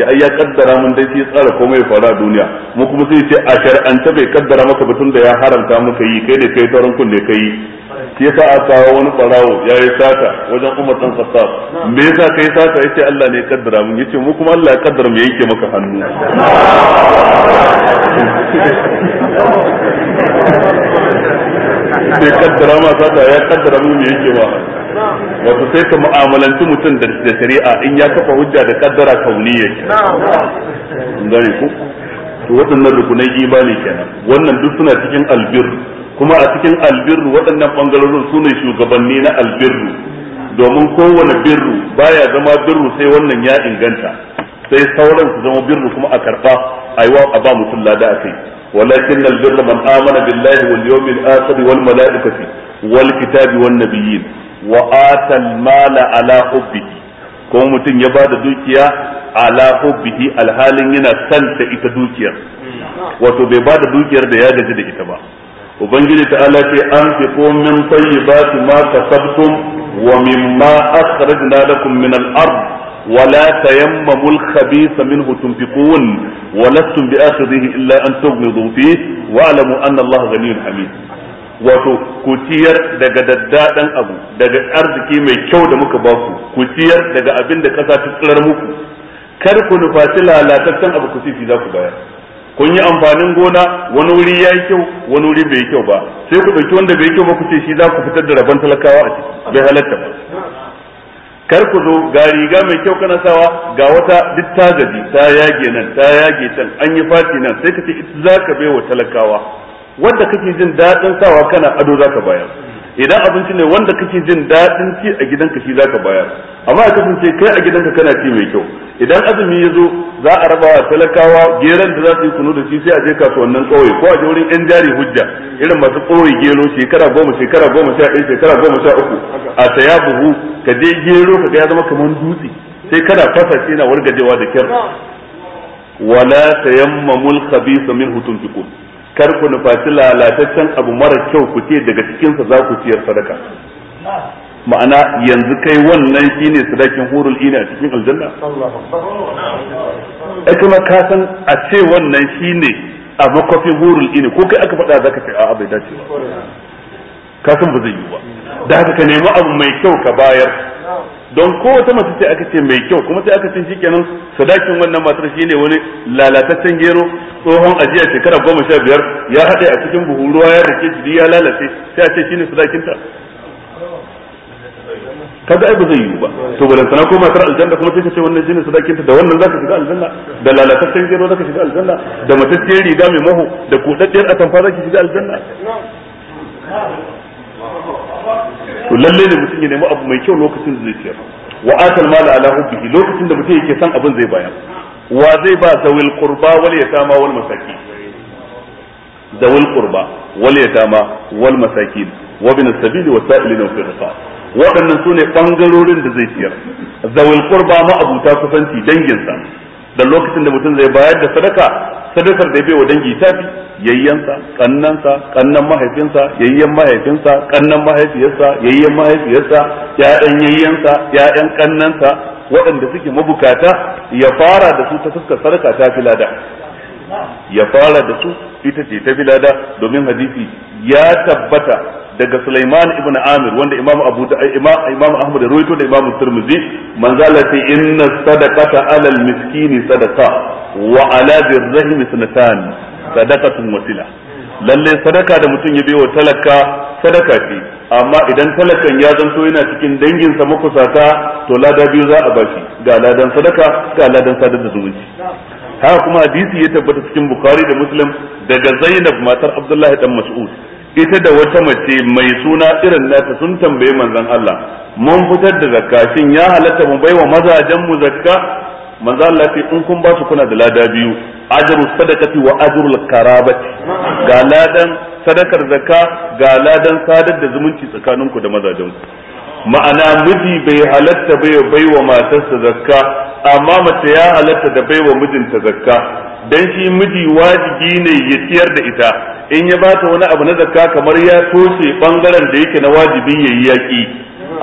ce ai ya kaddara mun dai sai tsara komai ya faru a duniya mu kuma sai ce a shar'anta bai kaddara maka batun da ya haramta maka yi kai ne kai taurin kunne kai shi yasa a kawo wani barawo ya yi sata wajen Umar dan Khattab me yasa kai sata yace Allah ne ya kaddara mun yace mu kuma Allah ya kaddara mu yake maka hannu sai kaddara ma sata ya kaddara mu me yake ba wato sai ka mu'amalanci mutum da shari'a in ya kafa hujja da kaddara kauniya gane ku to waɗannan rukunai imani kenan wannan duk suna cikin albirru kuma a cikin albirru waɗannan bangarorin su ne shugabanni na albirru domin kowane birru baya zama birru sai wannan ya inganta sai sauran su zama birru kuma a karɓa a yi wa a ba mutum lada a kai ولكن البر من آمن بالله واليوم الآخر والملائكة والكتاب والنبيين وآتى المال على حبه kuma mutum ya ba da dukiya ala hubbihi alhalin yana santa ita dukiyar wato bai ba da dukiyar da ya gaji da ita ba ubangiji ta ala ce an fi min tayyibati ma wa mimma akhrajna ard ولا تيمموا الخبيث منه تنفقون ولستم بآخذه إلا أن تغمضوا فيه واعلموا أن الله غني حميد wato ku ciyar daga daddaɗan abu daga arziki mai kyau da muka ba ku ku ciyar daga abin da ƙasa ta tsirar muku kar ku nufaci lalataccen abu ku sisi za ku bayar kun yi amfanin gona wani wuri ya yi kyau wani wuri bai yi kyau ba sai ku ɗauki wanda bai yi kyau ba ku ce shi za ku fitar da rabon talakawa a ciki bai halatta ba kar ku zo ga riga mai kyau kana sawa ga wata duk ta yage nan ta yage can an yi fati nan sai ka ce ita za ka bai wa talakawa wanda kake jin daɗin sawa kana ado za ka bayar idan abinci ne wanda kake jin daɗin ci a gidanka shi zaka bayar amma a kasance kai a gidanka kana ci mai kyau idan azumi ya zo za a raba wa talakawa geran da za su yi kunu da shi sai a je kasuwannin ƙauye ko a je wurin yan jari hujja irin masu ƙauye gero shekara goma shekara goma sha ɗaya shekara goma sha uku a saya buhu ka je gero ka ga ya zama kamar dutse sai kana fasa shi na wargajewa da kyar wala tayammamul khabith minhu tunfiqun kar ku nufaci lalataccen abu mara kyau ku ce daga cikinsa za ku ciyar sadaka ma'ana yanzu kai wannan shine sadakin hurul ini a cikin aljanna ai kuma ka san a ce wannan shine a makwafin hurul ini ko kai aka faɗa zaka ce a'a bai dace ba ka san ba zai yi ba da haka ka nemi abu mai kyau ka bayar don kowace mace sai aka ce mai kyau kuma sai aka ce shikenan sadakin wannan matar shine wani lalataccen gero tsohon ajiya shekara goma sha biyar ya haɗe a cikin buhu ruwa ya rike jiri ya lalace sai a ce shine sadakinta kaga ai ba zai yiwu ba to bala sana ko matar aljanna kuma sai ka ce wannan shine sadakinta da wannan zaka shiga aljanna da lalataccen gero zaka shiga aljanna da matacciyar riga mai maho da kudaddiyar atamfa zaki shiga aljanna to lalle ne mutum ya nemi abu mai kyau lokacin da zai ciyar wa atal mal ala hubbihi lokacin da mutum yake son abin zai bayar wa zai ba zawil qurba wal yatama wal masakin zawil qurba wal yatama wal masakin wa bin as-sabil wa sa'ilina fi rifa waɗannan su ne ɓangarorin da zai ciyar zawil qurba ma abuta kusanci danginsa da lokacin da mutum zai bayar da sadaka sadakar da ya bai wa dangi tafi yayyansa kannansa kannan mahaifinsa yayyan mahaifinsa kannan mahaifiyarsa yayyan mahaifiyarsa ya'yan yayyansa ya'yan kannansa waɗanda suke mabukata ya fara da su ta fuskar sadaka ta fi lada ya fara da su ita ce ta bilada domin hadisi ya tabbata daga Sulaiman ibn Amir wanda Imam Abu Imam Ahmad rawaito da Imam Tirmidhi manzo Allah ce inna sadaqata alal miskini sadaqa wa ala ni sanatan sadaqatun wasila lalle sadaka da mutum ya baiwa talaka sadaka ce amma idan talakan ya zanto yana cikin dangin sa makusata to lada biyu za a bashi ga ladan sadaka ga ladan sadar da zumunci haka kuma hadisi ya tabbata cikin bukari da muslim daga zainab matar abdullahi dan mas'ud ita da wata mace mai suna irin nata sun tambaye manzon Allah mun fitar da zakka shin ya halatta mu baiwa mazajen mu zakka manzon Allah ce in kun ba su kuna da lada biyu ajru sadaqati wa ajrul karabati ga ladan sadakar zakka ga ladan sadar da zumunci tsakaninku da mazajen ku ma'ana miji bai halatta bai bai wa matarsa zakka amma mace ya halatta da baiwa mijinta zakka dan shi miji wajibi ne ya ciyar da ita in ya bata wani abu na zakka kamar ya toshe bangaren da yake na wajibin yayi yaki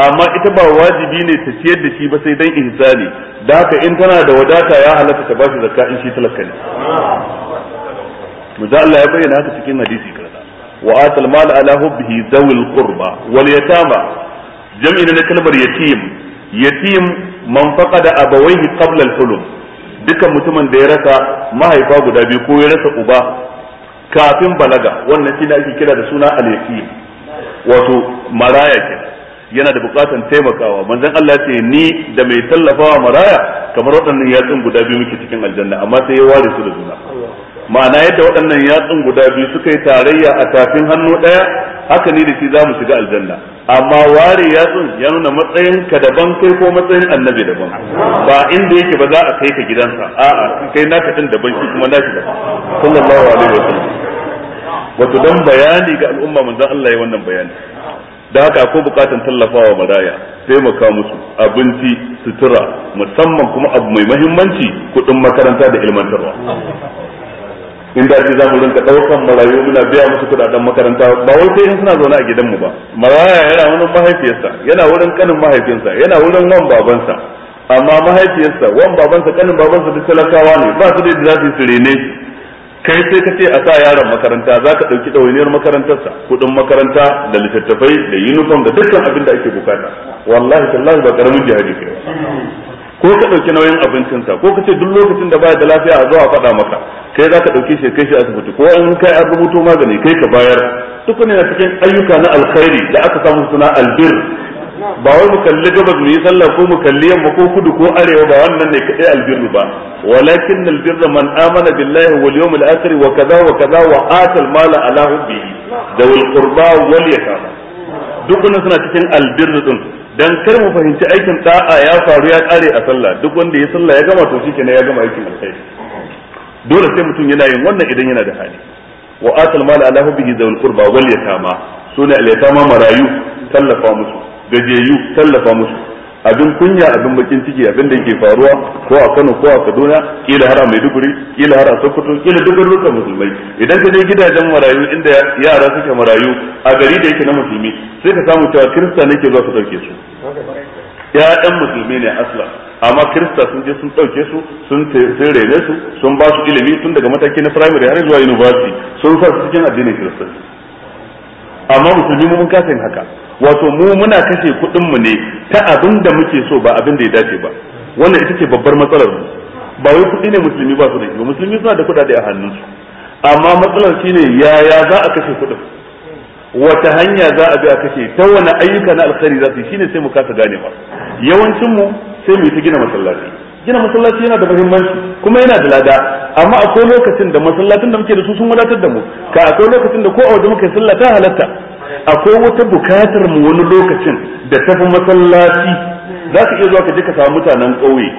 amma ita ba wajibi ne ta ciyar da shi ba sai dan ihsani da haka in tana da wadata ya halatta ta bashi zakka in shi talaka ne manzo Allah ya bayyana haka cikin hadisi kaza wa atal mal ala hubbihi zawil qurba wal yatama jami'i na kalmar yatim yatim man faqada abawayhi qabla al-hulum dukan mutumin da ya rasa mahaifa guda biyu ko ya rasa uba kafin balaga wannan shi ake kira da suna al-yatim wato maraya ke yana da bukatan taimakawa manzon Allah ce ni da mai tallafawa maraya kamar waɗannan yatsun guda biyu muke cikin aljanna amma sai ya ware su da juna ma'ana yadda waɗannan yatsun guda biyu suka yi tarayya a tafin hannu ɗaya haka ne da shi za mu shiga aljanna amma ware ya tsun ya nuna matsayin ka daban kai ko matsayin annabi daban ba inda yake ba za a kai ka gidansa a'a kai naka din daban shi kuma naki daban sallallahu alaihi wasallam wato dan bayani ga al'umma dan Allah ya wannan bayani da haka akwai bukatan tallafawa maraya sai mu taimaka musu abinci sutura musamman kuma abu mai muhimmanci kudin makaranta da ilmantarwa in da za mu rinka daukan marayu muna biya musu kudaden makaranta ba wai sai in suna zaune a gidan mu ba maraya yana wurin mahaifiyarsa yana wurin kanin mahaifinsa yana wurin wan babansa amma mahaifiyarsa wan babansa kanin babansa duk talakawa ne ba su da yadda za su rene kai sai ka ce a sa yaron makaranta za ka ɗauki ɗawainiyar makarantarsa kuɗin makaranta da littattafai da yunifom da dukkan abin da ake bukata wallahi tallahi ba karamin jihadi kai ko ka ɗauki nauyin abincinsa ko ka ce duk lokacin da baya da lafiya a zuwa faɗa maka kai za ka ɗauki shi kai shi asibiti ko in kai an rubuto magani kai ka bayar duk ne cikin ayyuka na alkhairi da aka samu suna albir ba wai mu kalli gabas mu yi sallah ko mu kalli yamma ko kudu ko arewa ba wannan ne kadai albirru ba walakin albirra man amana billahi wal yawmil akhir wa kaza wa kaza wa ata mala ala hubbihi dawil qurba wal yatama duk suna cikin albirru din dan kar mu fahimci aikin da'a ya faru ya kare a sallah duk wanda ya sallah ya gama to kenan ya gama aikin alkhairi dole sai mutum yana yin wannan idan yana da hali wa atal mal ala hubbihi zawil qurba wal yatama sune al yatama marayu tallafa musu gajeyu tallafa musu abin kunya abin bakin ciki abin da yake faruwa ko a Kano ko a Kaduna kila har a Maiduguri kila har a Sokoto kila duk garurukan musulmai idan ka je gidajen marayu inda yara suke marayu a gari da yake na musulmi sai ka samu cewa kirista ne ke zuwa su dauke su ya'yan musulmi ne asla amma kirista sun je sun dauke su sun rene su sun ba su ilimi tun daga mataki na firamare har zuwa university sun sa cikin addinin kirista amma musulmi mun kasa haka wato mu muna kashe kuɗin mu ne ta abin da muke so ba abin da ya dace ba wannan ita ce babbar matsalar mu ba wai kuɗi ne musulmi ba su da shi musulmi suna da kuɗaɗe a hannunsu amma matsalar shine yaya za a kashe kuɗin wata hanya za a bi a kashe ta wani ayyuka na alkhairi za su shine sai mu kasa gane ba yawancin mu sai mu yi ta gina masallaci gina masallaci yana da muhimmanci kuma yana da lada amma akwai lokacin da masallacin da muke da su sun wadatar da mu ka akwai lokacin da ko a waje muka sallah ta halatta akwai wata bukatar mu wani lokacin da tafi masallaci za ka iya zuwa ka je ka samu mutanen ƙauye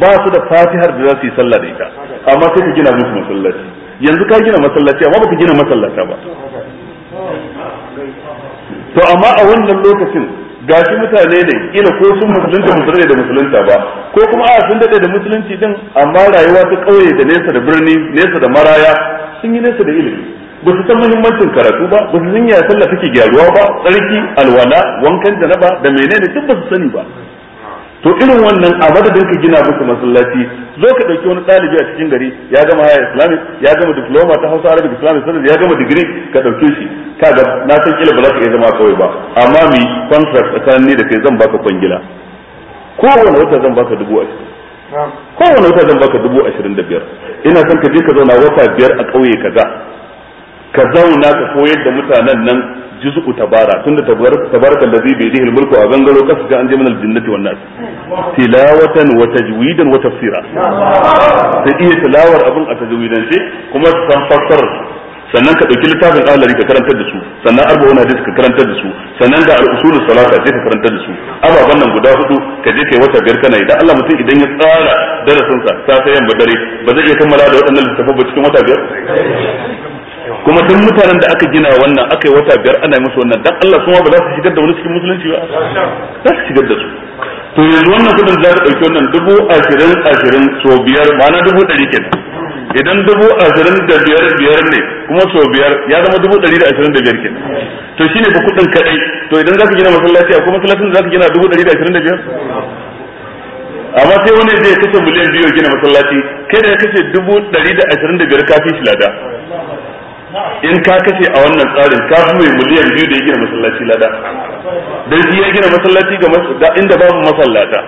ba su da fatihar da za su yi sallah da ita amma sai ka gina musu masallaci yanzu ka gina masallaci amma baka gina masallaci ba to amma a wannan lokacin gashi mutane ne ina ko sun musulunta musulunta da musulunta ba ko kuma a sun dade da musulunci din amma rayuwa ta ƙauye da nesa da birni nesa da maraya sun yi nesa da ilimi ba su san muhimmancin karatu ba ba su san sallah take gyaruwa ba tsarki alwala wankan janaba da menene duk ba su sani ba to irin wannan a madadin ka gina musu masallaci zo ka dauki wani ɗalibi a cikin gari ya gama haya islami ya gama diploma ta hausa arabic islamic studies ya gama digiri ka dauke shi ka ga na san kila ba za ka iya zama kawai ba amma mi contract tsakanin da kai zan baka kwangila kowane wata zan baka dubu ashirin kowane wata zan baka dubu ashirin da biyar ina son ka je ka zauna wata biyar a ƙauye kaza ka zauna ka koyar da mutanen nan juz'u tabara tunda tabaraka allazi bi yadihi mulku a gangaro kasu ga an je minal jannati wan nas tilawatan wa tajwidan wa tafsira da iya tilawar abin a ce kuma ta san fassarar sannan ka dauki littafin alari ka karantar da su sannan arba'un hadis ka karantar da su sannan da al-usulus salata je ka karantar da su ababen nan guda hudu ka je kai wata biyar kana idan Allah mutum idan ya tsara darasin sa safe yamma dare ba zai iya kammala da waɗannan littafin ba cikin wata biyar kuma duk mutanen da aka gina wannan aka yi wata biyar ana yi musu wannan dan Allah kuma ba za su shigar da wani cikin musulunci ba za su shigar da su to yanzu wannan kudin za ka ɗauki wannan dubu ashirin ashirin so biyar ma'ana dubu ɗari kenan idan dubu ashirin da biyar biyar ne kuma so biyar ya zama dubu ɗari da ashirin da biyar kenan to shine ba kudin kaɗai to idan za ka gina masallaci akwai masallacin da za ka gina dubu ɗari da ashirin da biyar amma sai wani zai kashe miliyan biyu gina masallaci kai da ya kashe dubu ɗari da ashirin da biyar kafin shi lada in ka kashe a wannan tsarin ka fi mai miliyan biyu da ya gina masallaci lada dan shi ya gina masallaci ga inda mu masallata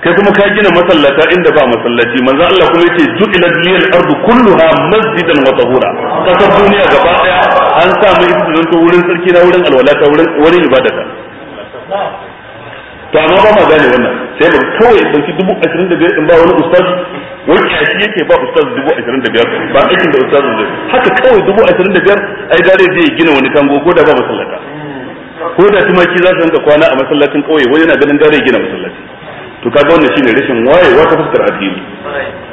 kai kuma ka gina masallata inda ba masallaci manzo Allah kuma yace ju'ila lil ardu kulluha masjidan wa tahura kasar duniya gaba daya an sa mai ibadatu wurin sarki na wurin alwalata wurin ibadata to amma ba ma gane wannan sai da kawai dauki dubu ashirin da biyar in ba wani ustaz wani kashi yake ba ustaz dubu ashirin da biyar ba aikin da ustaz zai haka kawai dubu ashirin da biyar ai dare zai gina wani kango ko da ba masallata ko da tumaki za su rinka kwana a masallacin kauye wani yana ganin dare gina masallaci to kaga wannan shine rashin wayewa ta fuskar addini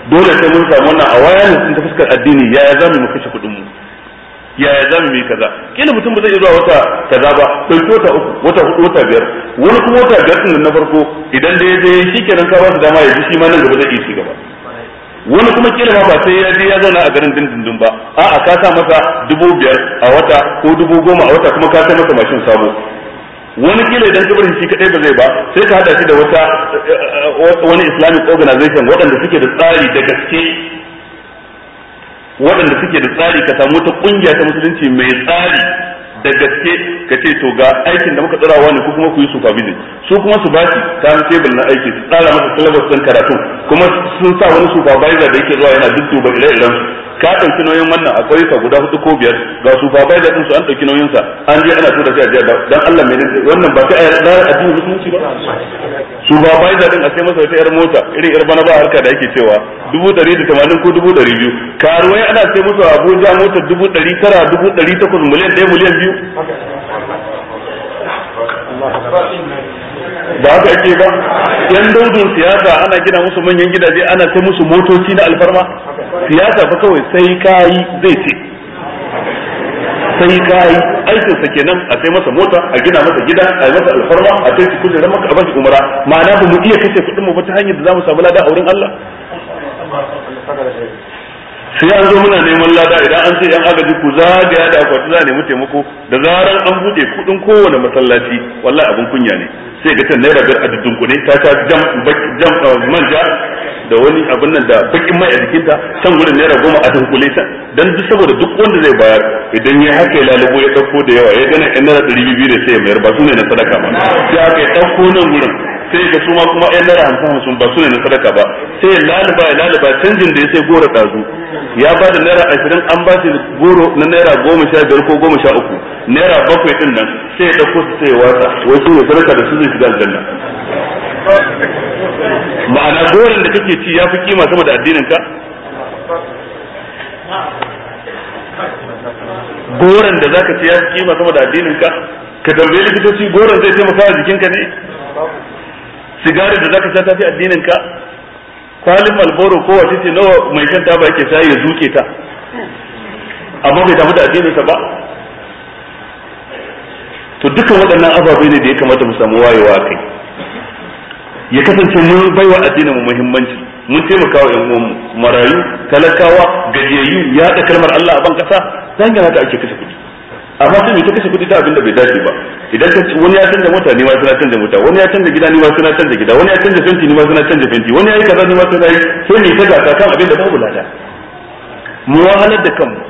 dole sai mun samu wannan a wayanin ta fuskar addini yaya za mu kashe kuɗin mu yaya za mu yi kaza kila mutum ba zai iya zuwa wata kaza ba sai wata uku wata hudu wata biyar wani kuma wata biyar din na farko idan da ya yi shi kenan ka ba su dama ya ji shi ma nan gaba zai iya ci gaba wani kuma kila ma ba sai ya je ya zauna a garin dindindin ba a'a ka sa masa dubu biyar a wata ko dubu goma a wata kuma ka sa masa mashin sabo wani kila idan kabarin shi kadai ba zai ba sai ka hada shi da wata eh, eh, wani islamic organization waɗanda suke da tsari da gaske waɗanda suke da tsari ka samu ta ƙungiya ta musulunci mai tsari da gaske ka ce to ga aikin da muka tsarawa ne ko kuma ku yi su fabizin su kuma su ta kan tebul na aiki su tsara masa syllabus sun karatu kuma sun sa wani supervisor da yake zuwa yana dudduba ire-iren ka ɗauki nauyin wannan a ƙauyuka guda hudu ko biyar ga supervisor ɗin su an ɗauki nauyin sa an je ana tura shi a jiya dan Allah mai nan wannan ba sai a yarda a musu musu ba supervisor din a sai masa wata yar mota irin yar bana ba harka da yake cewa dubu ɗari da tamanin ko dubu ɗari biyu karuwai ana sai musu Abuja motar dubu ɗari tara dubu ɗari takwas miliyan ɗaya miliyan biyu da ba haka ake ba yan daudin siyasa ana gina musu manyan gidaje ana sai musu motoci na alfarma siyasa ba kawai sai kayi zai ce sai kayi aikinsa kenan a sai masa mota a gina masa gida a yi masa alfarma a kai shi kullum a bashi umara ma'ana ba mu iya kashe kuɗin mu ba ta hanyar da za mu samu lada a wurin Allah sai an zo muna neman lada idan an ce yan agaji ku zagaya da akwati za a nemi taimako da zarar an buɗe kuɗin kowane masallaci wallahi abin kunya ne sai ga tan naira biyar a ne ta ta jam jam ah, manja da wani abin nan da bakin mai a jikinta can gudun naira goma a dunkule ta dan duk saboda duk wanda zai bayar idan ya haka ya lalubo ya dauko da yawa ya gana yan naira dari biyu da sai ya mayar ba su ne na sadaka ba sai aka ya ɗauko nan gurin sai ga su ma kuma ɗan naira hamsin hamsin ba su ne na sadaka ba sai ya laliba ya laliba canjin da ya sai goro ɗazu ya ba da naira ashirin an ba shi goro na naira goma sha biyar ko goma sha uku naira bakwai ɗin nan sai ya ɗauko su sai ya watsa wai su ne sadaka da su zai shiga aljanna ma'ana goron da kake ci ya fi kima sama da addinin ka goron da zaka ci ya fi kima sama da addinin ka ka tambaye likitoci goron zai taimaka wa jikinka ne sigarin da zaka sha ta fi addinin ka kwalin malboro ko wace ce nawa mai shan taba yake sai ya zuke ta amma bai tafi da addinin sa ba to dukkan waɗannan ababe ne da ya kamata mu samu wayewa kai ya kasance mun baiwa addinin mu muhimmanci mun taimaka wa 'yan mu, marayu talakawa gajiyayyu ya da kalmar Allah a ban kasa zan ta ake kashe kuɗi amma sun ta kashe kuɗi ta abin da bai dace ba idan ka wani ya canza mota ni ma suna canza mota wani ya canza gida ni ma suna canza gida wani ya canza fenti ni ma suna canza fenti wani ya yi kaza ni ma suna yi sai ni ta gasa kan abin da babu lada mu wahalar da kanmu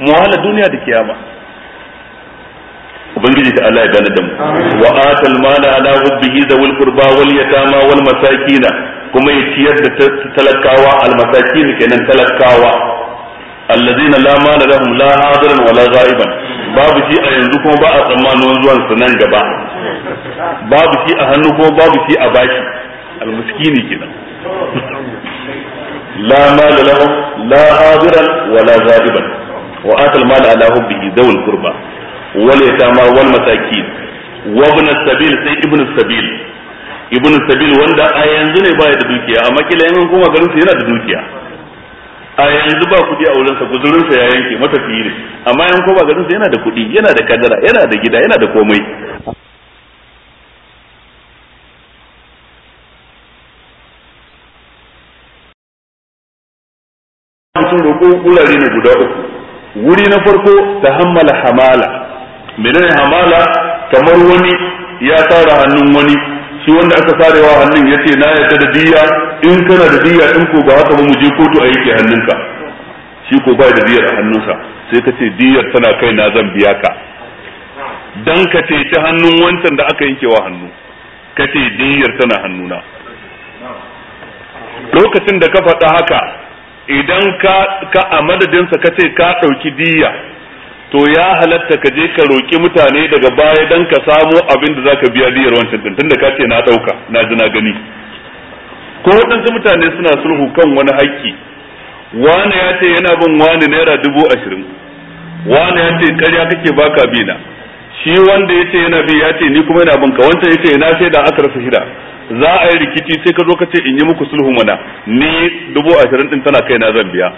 mu wahalar duniya da kiyama ubangiji ta Allah ya gane da mu wa atal mala ala hubbihi zawul qurba wal yatama wal masakina kuma ya ciyar da talakawa al masakin kenan talakawa allazina la mala lahum la hadiran wala ghaiban babu shi a yanzu kuma ba a tsammanin zuwan sa nan gaba babu shi a hannu kuma babu shi a bashi almiskini kenan la mala lahum la hadiran wa la zaliban wa ata al-mala ala hubbihi dawul qurba wal yatama wal masakin wa ibn sabil sai ibn sabil ibn sabil wanda a yanzu ne baya da dukiya amma kila in kuma garin yana da dukiya a yanzu ba kuɗi a wurinsa guzurinsa ya yanke matafiyi ne amma yan ko ba garinsa yana da kuɗi yana da kadara yana da gida yana da komai mutum roƙo wurare ne guda uku wuri na farko ta hammala hamala menene hamala kamar wani ya tara hannun wani shi wanda aka sarewa hannun ya ce na yadda da diya in kana da diya in ko ba haka ba mu je kotu a yake hannunka shi ko bai da diyar a hannunsa sai ka ce diyar tana kai na zan biya ka dan ka ce ta hannun wancan da aka wa hannu ka ce diyar tana hannuna lokacin da ka faɗa haka idan ka a madadinsa ka ce ka ɗauki diya to ya halatta ka je ka roki mutane daga baya dan ka samo abin da zaka biya diyar wancan din tunda ka ce na dauka na ji na gani ko waɗansu mutane suna sulhu kan wani haƙƙi wani ya ce yana bin wani naira dubu ashirin wani ya ce karya kake baka bina shi wanda ya ce yana bi ya ce ni kuma yana bin ka wancan ya ce sai da aka rasa shida za a yi rikici sai ka zo ka ce in yi muku sulhu mana ni dubu ashirin din tana kai na zan biya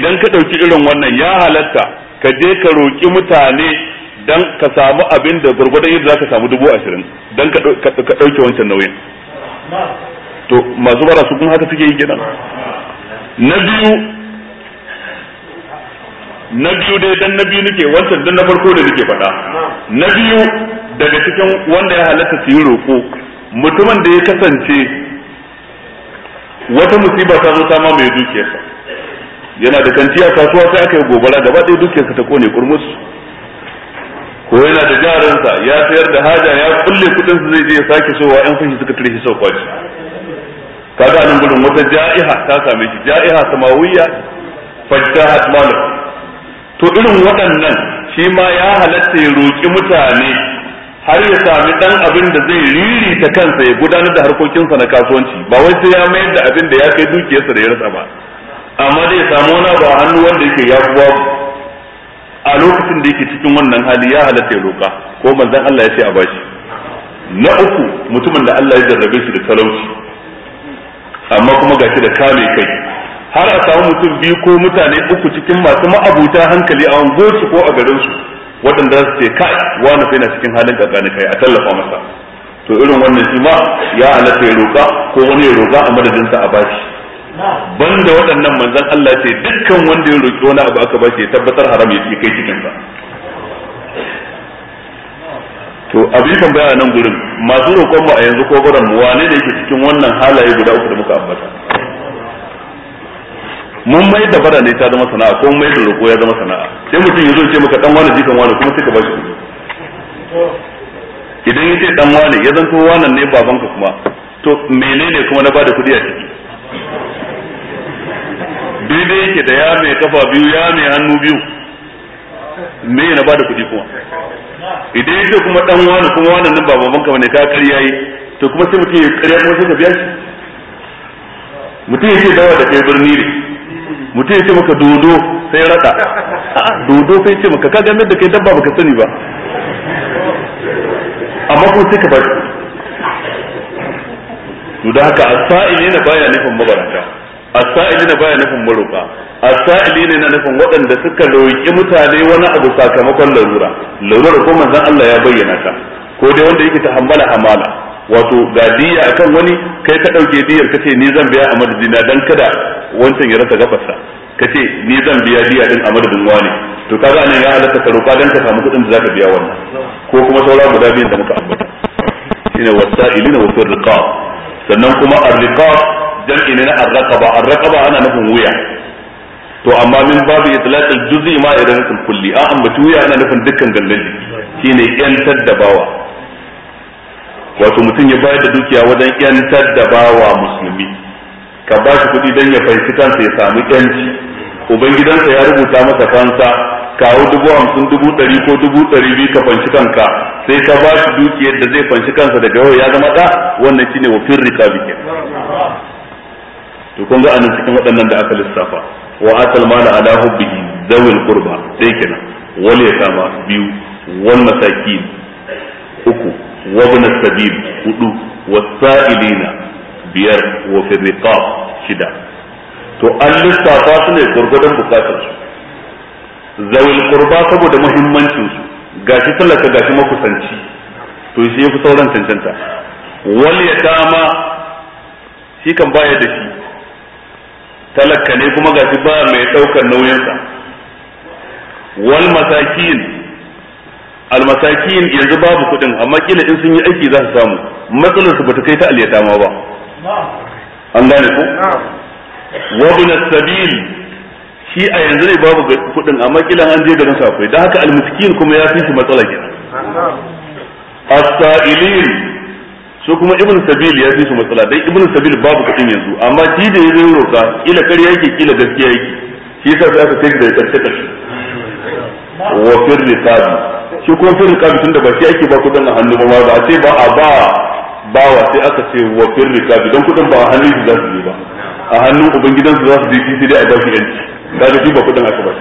idan ka ɗauki irin wannan ya halatta ka je ka roƙi mutane dan ka samu abin da gurgurdan yadda za ka samu dubu ashirin dan ka ɗauke wancan nauyin to masu bara su kun haka suke yi gina. na biyu na biyu dai dan na biyu nake wancan dan na farko da nake faɗa na biyu daga cikin wanda ya halatta su yi roƙo mutumin da ya kasance wata musiba ta zo ta mai dukiyarsa yana da kantiya kasuwa sai aka yi gobara gaba ɗaya dukiyarsa ta kone kurmus ko yana da jaransa ya sayar da haja ya kulle kudin su zai je ya sake sowa yan fashi suka tare shi sau kwaci kaga nan gudun wata ja'iha ta same shi ja'iha samawiyya fajjahat malam to irin waɗannan shi ma ya halatta ya roƙi mutane har ya sami dan abin da zai ririta kansa ya gudanar da harkokinsa na kasuwanci ba wai sai ya mayar da abin da ya kai dukiyarsa da ya rasa ba amma zai samu wani a hannu wanda yake ya babu a lokacin da yake cikin wannan hali ya halatta ya roƙa ko manzan Allah ya ce a bashi na uku mutumin da Allah ya jarrabe shi da talauci amma kuma gashi da kame kai har a samu mutum biyu ko mutane uku cikin masu ma'abuta hankali a su ko a garin su waɗanda su ce kai wani sai na cikin halin kakani kai a tallafa masa to irin wannan shi ma ya halatta ya roƙa ko wani ya roƙa a madadinsa a bashi banda waɗannan manzan Allah ce dukkan wanda ya roƙi wani abu aka bashi ya tabbatar haram ya kai cikin sa to abin tambaya nan gurin masu roƙon mu a yanzu ko gurin mu wane da yake cikin wannan halaye guda uku da muka ambata mun mai da bara ne ta zama sana'a ko mai da roƙo ya zama sana'a sai mutum ya zo ce maka dan wani jikan wani kuma sai ka bashi kuɗi idan ya ce dan wani ya zanto wannan ne babanka kuma to menene kuma na bada kuɗi a ciki daidai yake da ya mai kafa biyu ya mai hannu biyu me na ba da kuɗi kuma idan yake ce kuma dan wani kuma wani nan ba babanka bane ka karya yi to kuma sai mutum ya karya kuma sai ka biya shi mutum ya ce dawa da kai birni ne mutum ya ce maka dodo sai rada dodo sai ce maka ka ganin da kai dabba baka sani ba amma kuma sai ka bar to da haka asa'in yana baya nufin mabaranta. as ne baya nufin maroka as ne na nufin waɗanda suka roƙi mutane wani abu sakamakon larura larura ko manzon Allah ya bayyana ta ko dai wanda yake ta hammala hamala wato ga akan wani kai ka dauke diyar kace ni zan biya a madadina dan kada wancan ya rasa gafarsa kace ni zan biya diya din a madadin wani to kaga anan ya halatta ka roƙa dan ka samu kuɗin da zaka biya wannan ko kuma saura guda biyan da muka ambata shine wasailina wa firqa sannan kuma arriqa jam'i ne na arraqaba arraqaba ana nufin wuya to amma min babu itlaqil juz'i ma idan nufin kulli a ambaci wuya ana nufin dukkan gangan jiki shine yantar da bawa wato mutum ya bayar da dukiya wajen yantar da bawa musulmi ka ba shi kuɗi don ya fahimci kansa ya samu yanci ubangidansa ya rubuta masa fansa kawo dubu hamsin dubu ɗari ko dubu ɗari biyu ka fanshi kanka sai ka ba shi dukiyar da zai fanshi kansa daga yau ya zama ɗa wannan shine wa firri ka to kun ga anan cikin waɗannan da aka lissafa wa atal mala ala hubbihi zawil qurba dai kenan wal yatama biyu wal masakin uku wa ibn sabil hudu wasailina biyar wa fi riqab shida to an lissafa su ne gurgudan bukatar su zawil qurba saboda muhimmancin su gashi talaka gashi makusanci to shi yafi sauran cancanta wal yatama shi kan baya da shi talaka ne kuma gashi ba mai daukar nauyinsa wal masakin al masakin yanzu babu kudin amma kila in sun yi aiki za su samu matsalar su bata kai ta aliyata ma ba an gane ko wa bin sabil shi a yanzu ne babu kudin amma kila an je garin sa akwai dan haka al miskin kuma ya fi shi matsala kenan as-sa'ilin su kuma ibn sabil ya fi su matsala dai ibn sabil babu kuɗin yanzu amma shi da ya roka kila kariya yake kila gaskiya yake shi yasa sai aka tafi da ƙarshe ƙarshe wa fir riqabi shi kuma fir riqabi tunda ba shi ake ba kuɗin a hannu ba ba a ce ba a ba bawa sai aka ce wa fir riqabi don kuɗin ba a hannun shi za su je ba a hannun su za su je shi dai a ba shi yanci kaga shi ba kuɗin aka ba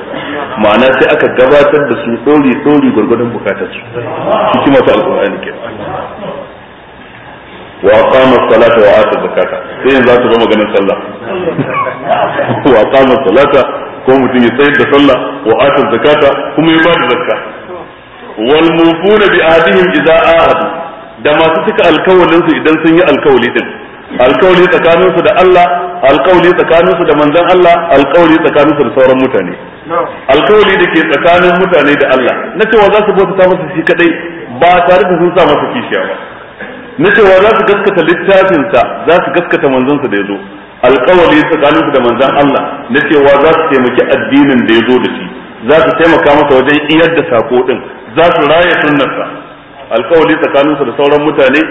ma'ana sai aka gabatar da su dori dori gurgurdan bukatar su kuma ta alƙur'ani kenan wa aqama as-salata wa ata zakata sai yanzu za ta zama sallah wa aqama as-salata ko mutum ya tsayar da sallah wa ata zakata kuma ya bada zakka wal mufuna bi ahdihim idza ahadu da masu cika alkawalin su idan sun yi alkawali din alkawali tsakanin su da Allah alkawali tsakanin su da manzon Allah alkawali tsakanin su da sauran mutane alkawali da ke tsakanin mutane da Allah na cewa za su bauta masa shi kadai ba tare da sun sa masa kishiya ba na cewa za su gaskata littafinsa za su gaskata manzansa da ya zo alkawali tsakaninsu da manzan Allah na cewa za su taimaki addinin da ya zo da shi za su taimaka masa wajen iyar da sako din za su raya sunnarsa alkawali tsakaninsu da sauran mutane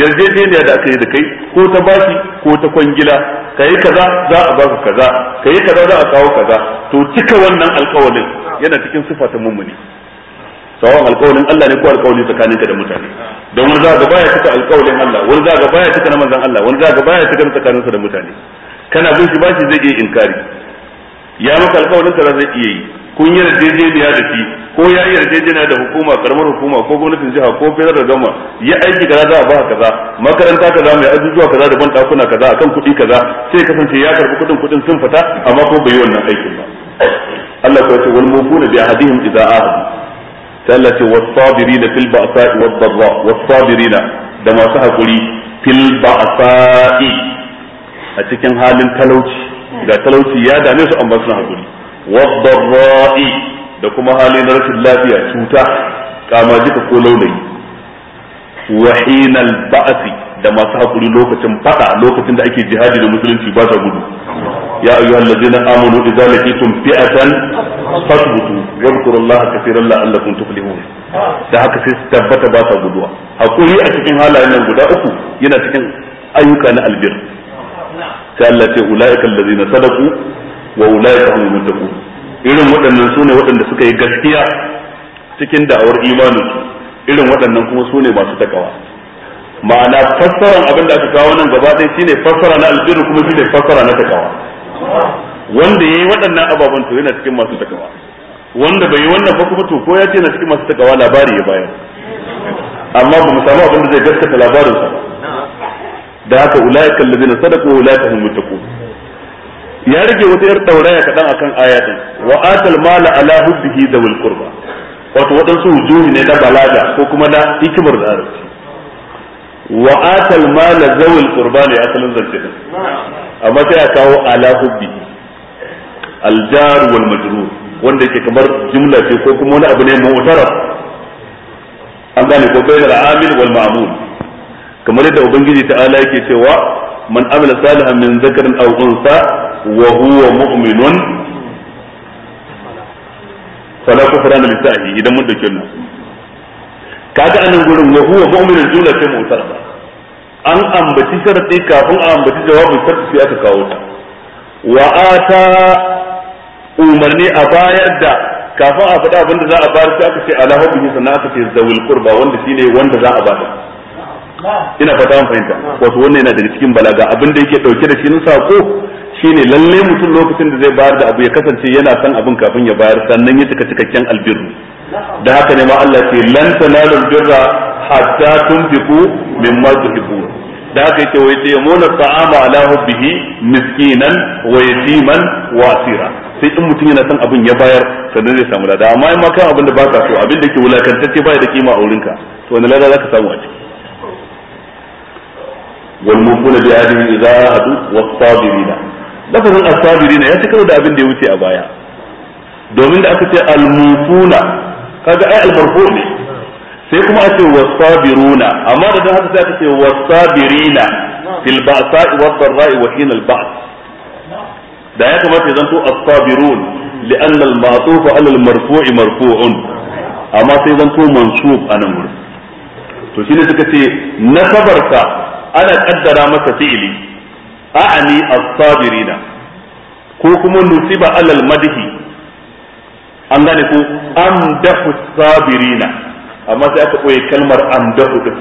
yarjejeniya da aka yi da kai ko ta bashi ko ta kwangila ka yi kaza za a baka kaza ka yi kaza za a kawo kaza to cika wannan alkawalin yana cikin sifatan ta mummuni sawan alƙawalin Allah ne ko alƙawali tsakaninka da mutane don wani za ga baya cika alƙawalin Allah wani za ga baya cika na manzan Allah wani za ga baya cika na tsakaninsa da mutane kana bin shi bashi zai iya inkari ya maka alƙawalin ka zai iya yi kun yi yarjejeniya da shi ko ya yi yarjejeniya da hukuma karamar hukuma ko gwamnatin jiha ko federal gama ya aiki kaza za a ba kaza makaranta kaza mai ajujuwa kaza da ban dakuna kaza akan kuɗi kaza sai kasance ya karbi kuɗin kuɗin sun fita amma ko bai yi wannan aikin ba Allah ko ya ce wal mu'minu bi ahadihim idza ahadu tallace Allah fil ba'sa'i wad da masu hakuri fil ba'sa'i a cikin halin talauci ga talauci ya dame su amma basu hakuri wad-dharra'i da kuma halin rashin lafiya cuta kama jika ko laulayi wa ba'asi da masu haƙuri lokacin fada lokacin da ake jihadi da musulunci ba sa gudu ya ayyuhal ladina amanu idza laqitum fi'atan fasbutu wadhkuru Allah kaseeran la'allakum tuflihun da haka sai tabbata ba ta guduwa yi a cikin halayen nan guda uku yana cikin ayyuka na albir sai Allah ce ulaika alladhina sadaku, wa ulaika hum muttaqun irin waɗannan sune waɗanda suka yi gaskiya cikin da'awar imanin irin waɗannan kuma sune masu takawa ma'ana fassara abin da aka kawo nan gaba ɗaya shine fassara na albiru kuma shine fassara na takawa wanda yayi waɗannan ababen to yana cikin masu takawa wanda bai yi wannan ba kuma to ko ya ce yana cikin masu takawa labari ya bayar amma ba mu samu abin da zai gaskata labarinsa da haka ulaika allazina sadaqu wa ulaika hum muttaqun ya rage wata yar dauraya kadan akan ayatin wa atal mala ala hubbihi dawil qurba wato wadansu wujuhi ne da balaga ko kuma da hikimar da wa atal mala zawil qurba ne asalin zance din amma sai a kawo ala hubbi al jar wal majrur wanda yake kamar jumla ce ko kuma wani abu ne mu'taraf an gane ko bayin al-amil wal ma'mul kamar yadda ubangiji ta'ala yake cewa man amila salihan min zakarin aw unsa wa huwa mu'minun fala kufrana lisa'i idan mun dauke nan kaga anan gurin wa huwa mu'minun sai mu mu'tarada an ambaci sharadi kafin a ambaci jawabin sharadi sai aka kawo ta wa ata umarni a bayar da kafin a faɗa abinda za a bayar sai aka ce ala hubbihi sannan aka ce zawil qurba wanda shine wanda za a bada ina fata mun fahimta wato wannan yana daga cikin balaga abin da yake dauke da shi nan sako shine lalle mutum lokacin da zai bayar da abu ya kasance yana san abin kafin ya bayar sannan ya cika cikakken albirru da haka ne ma Allah ce lan tanalul birra hatta tunfiqu mimma tuhibbun da haka yake wai sai yamuna ta'ama ala hubbihi miskinan wa yatiman wa asira sai in mutum yana son abin ya bayar sannan zai samu lada amma in ma kan abin da ba ka so abin da ke wulakantacce baya da kima a wurinka to wani lada zaka samu a ciki والموفون بعهدهم إذا عاهدوا والصابرين لفظ sabirina ya ci karo da abin da ya wuce a baya domin da aka ce almufuna kaga ai al ne sai kuma a ce wasabiruna amma da haka sai aka ce wasabirina fil ba'sa'i wad dharra'i wa hina al-ba's da ya kamata ya to as-sabirun li'anna al-ma'tuf 'ala al-marfu'i marfu'un amma sai zanto mansub anan wurin to shine suka ce nasabarka ana kaddara maka fi'ili a'ani as-sabirina ko kuma nusiba alal madhi an gane ko dafu sabirina amma sai aka koyi kalmar amdahu din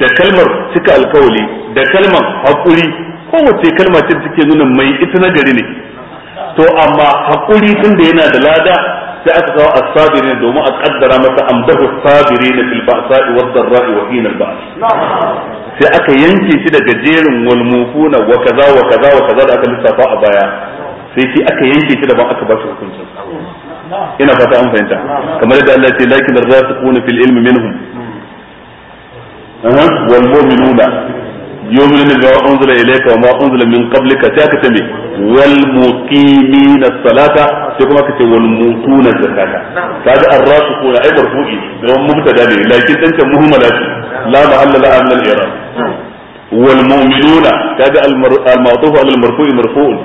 da kalmar cika alkawali da kalmar hakuri kowace kalma ce take nuna mai ita na gari ne to amma hakuri din da yana da lada sai aka kawo as sabirina domin a kaddara masa amdahu sabirin fil ba'sa'i wa dharra'i wa hina al-ba's sai aka yanke shi daga jerin wal mufuna wa kaza wa kaza wa kaza da aka lissafa a baya sai shi aka yanke shi daban aka ba shi hukuncin ina fata an fahimta kamar yadda Allah ya ce lakin arrasikuna fil ilmi minhum aha wal mu'minuna yu'minuna bima unzila ilayka wa ma unzila min qablika ta ka tame wal muqimina salata sai kuma kace wal mutuna zakata kaga arrasikuna ai marfu'i don mubtada ne lakin dan can muhammalat la ma'alla la al-i'rab wal mu'minuna kaga al-ma'tuf ala al-marfu'i marfu'un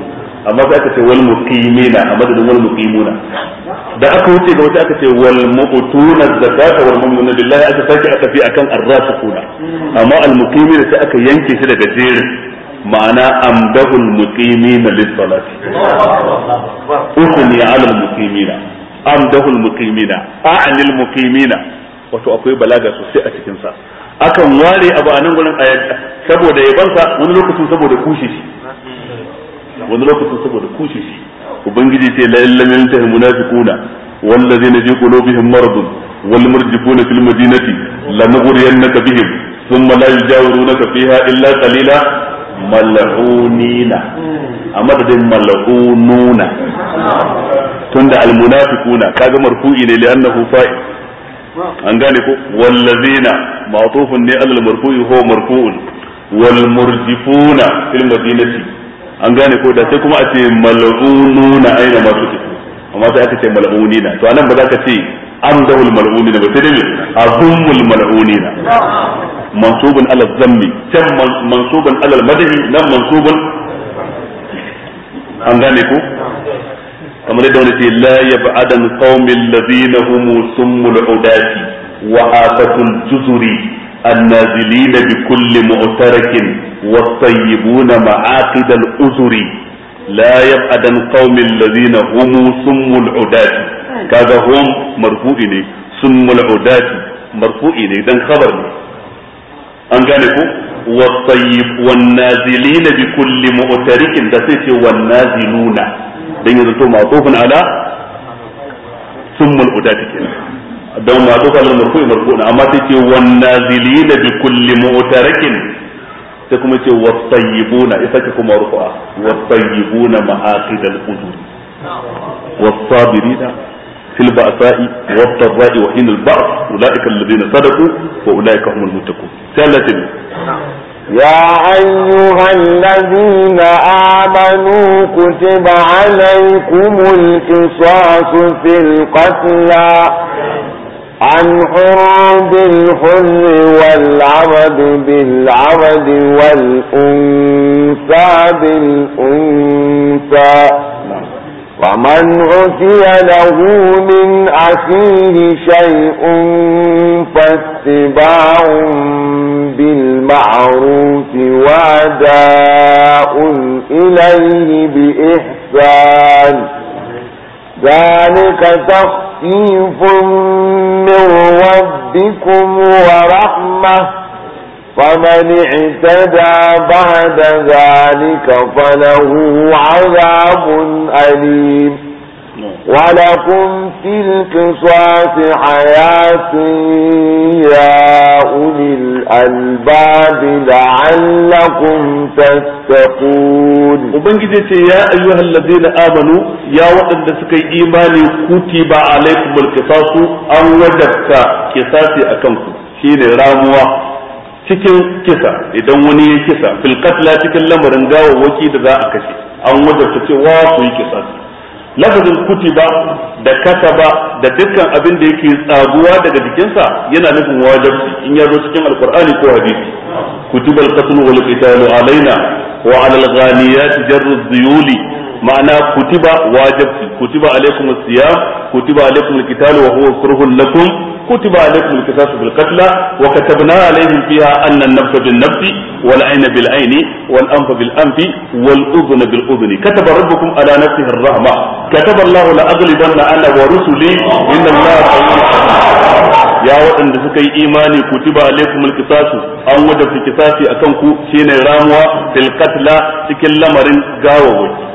amma sai aka ce wal muqimina a madadin wal muqimuna da aka wuce ga wata aka ce wal mu'tuna zakata wal mu'minuna billahi aka sake aka fi akan arrafiquna amma al muqimina sai aka yanke shi daga jerin ma'ana amdahul muqimina lis salati usni ala al muqimina amdahul muqimina a'nil muqimina wato akwai balaga sosai a cikin sa akan ware abu a nan gurin saboda yabansa wani lokacin saboda kushi. shi wani lokacin saboda kushe shi ubangiji ce la illa min tahi munafiquna walladhina fi qulubihim marad wal murjifuna fil madinati la nughriyannaka bihim thumma la yujawirunaka fiha illa qalila mal'unina amma da dai mal'ununa tunda al munafiquna kaga marfu'i ne li'annahu fa'i an gane ko walladhina ma'tufun ne al marfu'i huwa marfu'un wal murjifuna fil madinati an gane ko da sai kuma a ce mal'ununa aina masu suke amma sai aka ce mal'unina to anan ba za ka ce amdahul mal'unina ba sai dai azumul mal'unina mansubun ala zammi can mansubun alal madhi nan mansubun an gane ko kamar da wani ce la yab'adan qaumil ladina hum summul udati wa afatul juzuri An na zili na bikun limu ta rikin wasan yi muna ma'aikudan uzuri la yaɓ a dan kaunin sumul o daji. Ka ga ne sumul o daji ne don habar ne. An gane ku. Wannan zili na bikun limu ta rikin da sai sai wanna zinuna. Dan yadda to ma tsohon ala sumul o don ma duka lil marfu'i marfu'un amma sai ce wan nazilina bi kulli mu'tarakin sai kuma ce was tayyibuna isa ka kuma rufa was tayyibuna ma'aqid al qudud was sabirina fil ba'sa'i was dharra'i wa hinal ba's ulaika alladhina sadaqu wa ulaika humul muttaqun sai Allah ta يا أيها الذين آمنوا كتب عليكم القصاص في القتلى عن حر بالحر والعبد بالعبد والأنثى بالأنثى ومن عتي له من أخيه شيء فاتباع بالمعروف وأداء إليه بإحسان ذلك تخفى لطيف من ربكم ورحمة فمن اعتدى بعد ذلك فله عذاب أليم ولكم في القصاص حياة يا أولي الألباب لعلكم تتقون وبنجدت يا أيها الذين آمنوا يا وقت سكي إيماني كتب عليكم القصاص أن وجدت قصاص أكمكم شين راموا cikin kisa idan wani ya kisa filkat la cikin lamarin gawa waki da za a kashe an wajarta cewa su yi kisa lafazin kutiba da kataba da dukkan abin da yake tsaguwa daga jikinsa yana nufin wajibci in ya zo cikin alkur'ani ko hadisi kutubal qatl wal qitalu alaina wa ala al jarru dhuyuli ma'ana kutiba wajibci kutiba alaikum siyam kutiba alaikum alqital wa huwa kurhun lakum kutiba alaikum alqisas fil qatl wa katabna alaihim fiha anna an-nafs bin nafs wal ayna bil ayni wal anfa bil anfi wal udhna bil udhni kataba rabbukum ala nafsihi ar-rahma kataba Allahu la aghlibanna ana wa rusuli inna Allaha qawiyyun ya waɗanda suka yi imani kutiba alaikum alqisasu an wada fi qisasi akan ku shine ramuwa fil qatla cikin lamarin gawawaki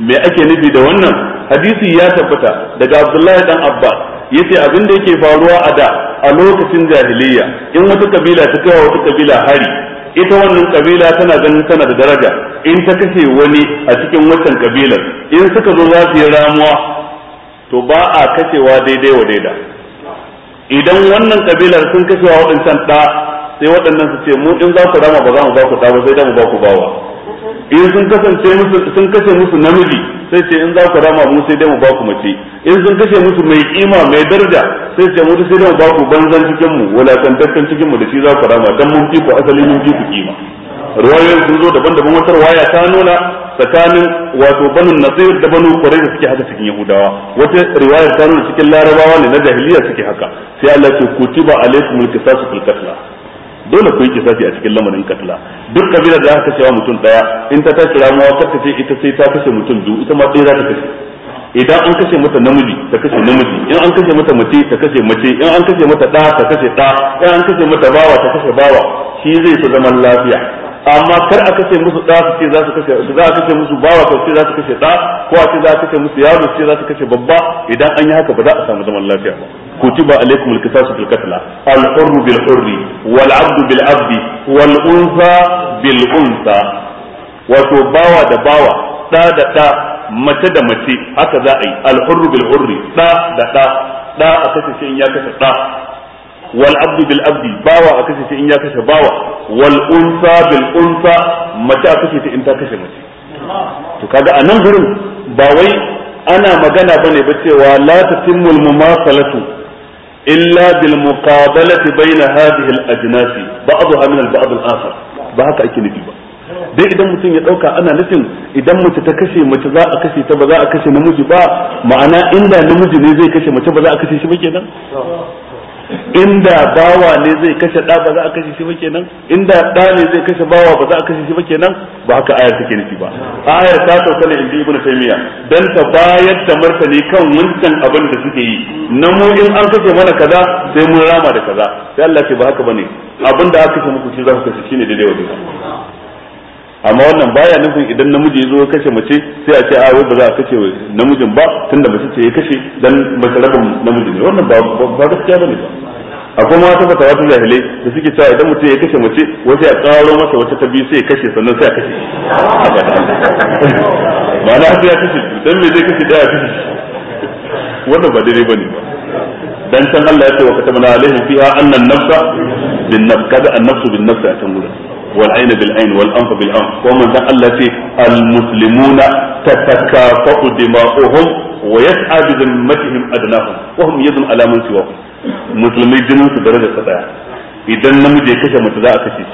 me ake nufi da wannan hadisi ya tabbata daga abdullahi dan abbas yace abin da yake faruwa a da a lokacin jahiliyya in wata kabila ta kawo wata kabila hari ita wannan kabila tana ganin tana da daraja in ta kashe wani a cikin wancan kabilar in suka zo za su yi ramuwa to ba a kashewa daidai wa daida idan wannan kabilar sun kashewa waɗancan ɗa sai waɗannan su ce mu in za ku rama ba za mu ba ku ɗa ba sai da mu ba ku bawa in sun kasance musu sun kashe musu namiji sai ce in za ku rama mu sai dai mu ba ku mace in sun kashe musu mai kima mai daraja sai ce mu sai dai mu ba ku banzan cikin mu dakkan cikin mu da shi za ku rama dan mun fi ku asali mun fi ku kima ruwayoyin sun zo daban-daban wata waya ta nuna tsakanin wato banu nasir da banu kurai da suke haka cikin yahudawa wata riwayar ta nuna cikin larabawa ne na jahiliya suke haka sai Allah ya ce kutiba alaikumul qisasu fil qatl dole ku yi kisasi a cikin lamarin katla duk kabilar da aka kashe wa mutum daya in ta tashi ramuwa ta ce ita sai ta kashe mutum biyu ita ma ɗaya za ta kashe idan an kashe mata namiji ta kashe namiji in an kashe mata mace ta kashe mace in an kashe mata ɗa ta kashe ɗa in an kashe mata bawa ta kashe bawa shi zai fi zaman lafiya amma kar a kashe musu ɗa su ce za su kashe za a kashe musu bawa su ce za su kashe ɗa ko a ce za a kashe musu yaro su ce za su kashe babba idan an yi haka ba za a samu zaman lafiya ba kutuba alaikum alqisasu fil qatl al-hurru bil hurri wal 'abdu bil 'abdi wal unsa bil unsa wato bawa da bawa da da da mace da mace haka za a yi al-hurru bil hurri da da da a kace shi in ya kace da wal 'abdu bil 'abdi bawa a kace shi in ya kace bawa wal mace a in ta mace kaga a nan gurin ba wai ana magana bane ba cewa la tatimmul illa bil muqabalati baina hadhihi al ajnasi ba'daha min al ba'd al akhar ba haka ake nufi ba dai idan mutum ya dauka ana nufin idan mace ta kashe mace za a kashe ta ba za kashe namiji ba ma'ana inda namiji ne zai kashe mace ba za a kashe shi kenan inda bawa ne zai kashe da ba za a kashe shi ba kenan inda da ne zai kashe bawa ba za a kashe shi ba kenan ba haka ayar take nufi ba ayar ta sauka ne inda ibnu taymiya dan ta bayar da martani kan wancan abin da suke yi na mu in an kashe mana kaza sai mun rama da kaza sai Allah ce ba haka bane abin da aka kashe muku shi za ku kashe shine daidai wajen amma wannan baya nufin idan namiji ya zo ya kashe mace sai a ce a wai ba za a kashe namijin ba tunda mace ce ya kashe dan mace rabin namiji ne wannan ba ba gaskiya bane ba akwai ma ta fata wata jahilai da suke cewa idan mutum ya kashe mace wata ya a karo masa wata ta biyu sai ya kashe sannan sai a kashe ma'ana sai ya kashe dan me zai kashe daya kashe wannan ba daidai bane ba dan can Allah ya ce wa katamana alaihi fiha annan nafsa bin nafsa kaga an bin nafs a can gurin wal ayn bil ayn wal anf bil anf ko manzon Allah ce al muslimuna tatakafu dima'uhum wa yas'a bi dhimmatihim adnahum wa hum yadun ala man siwa musulmai idan kashe za a kashe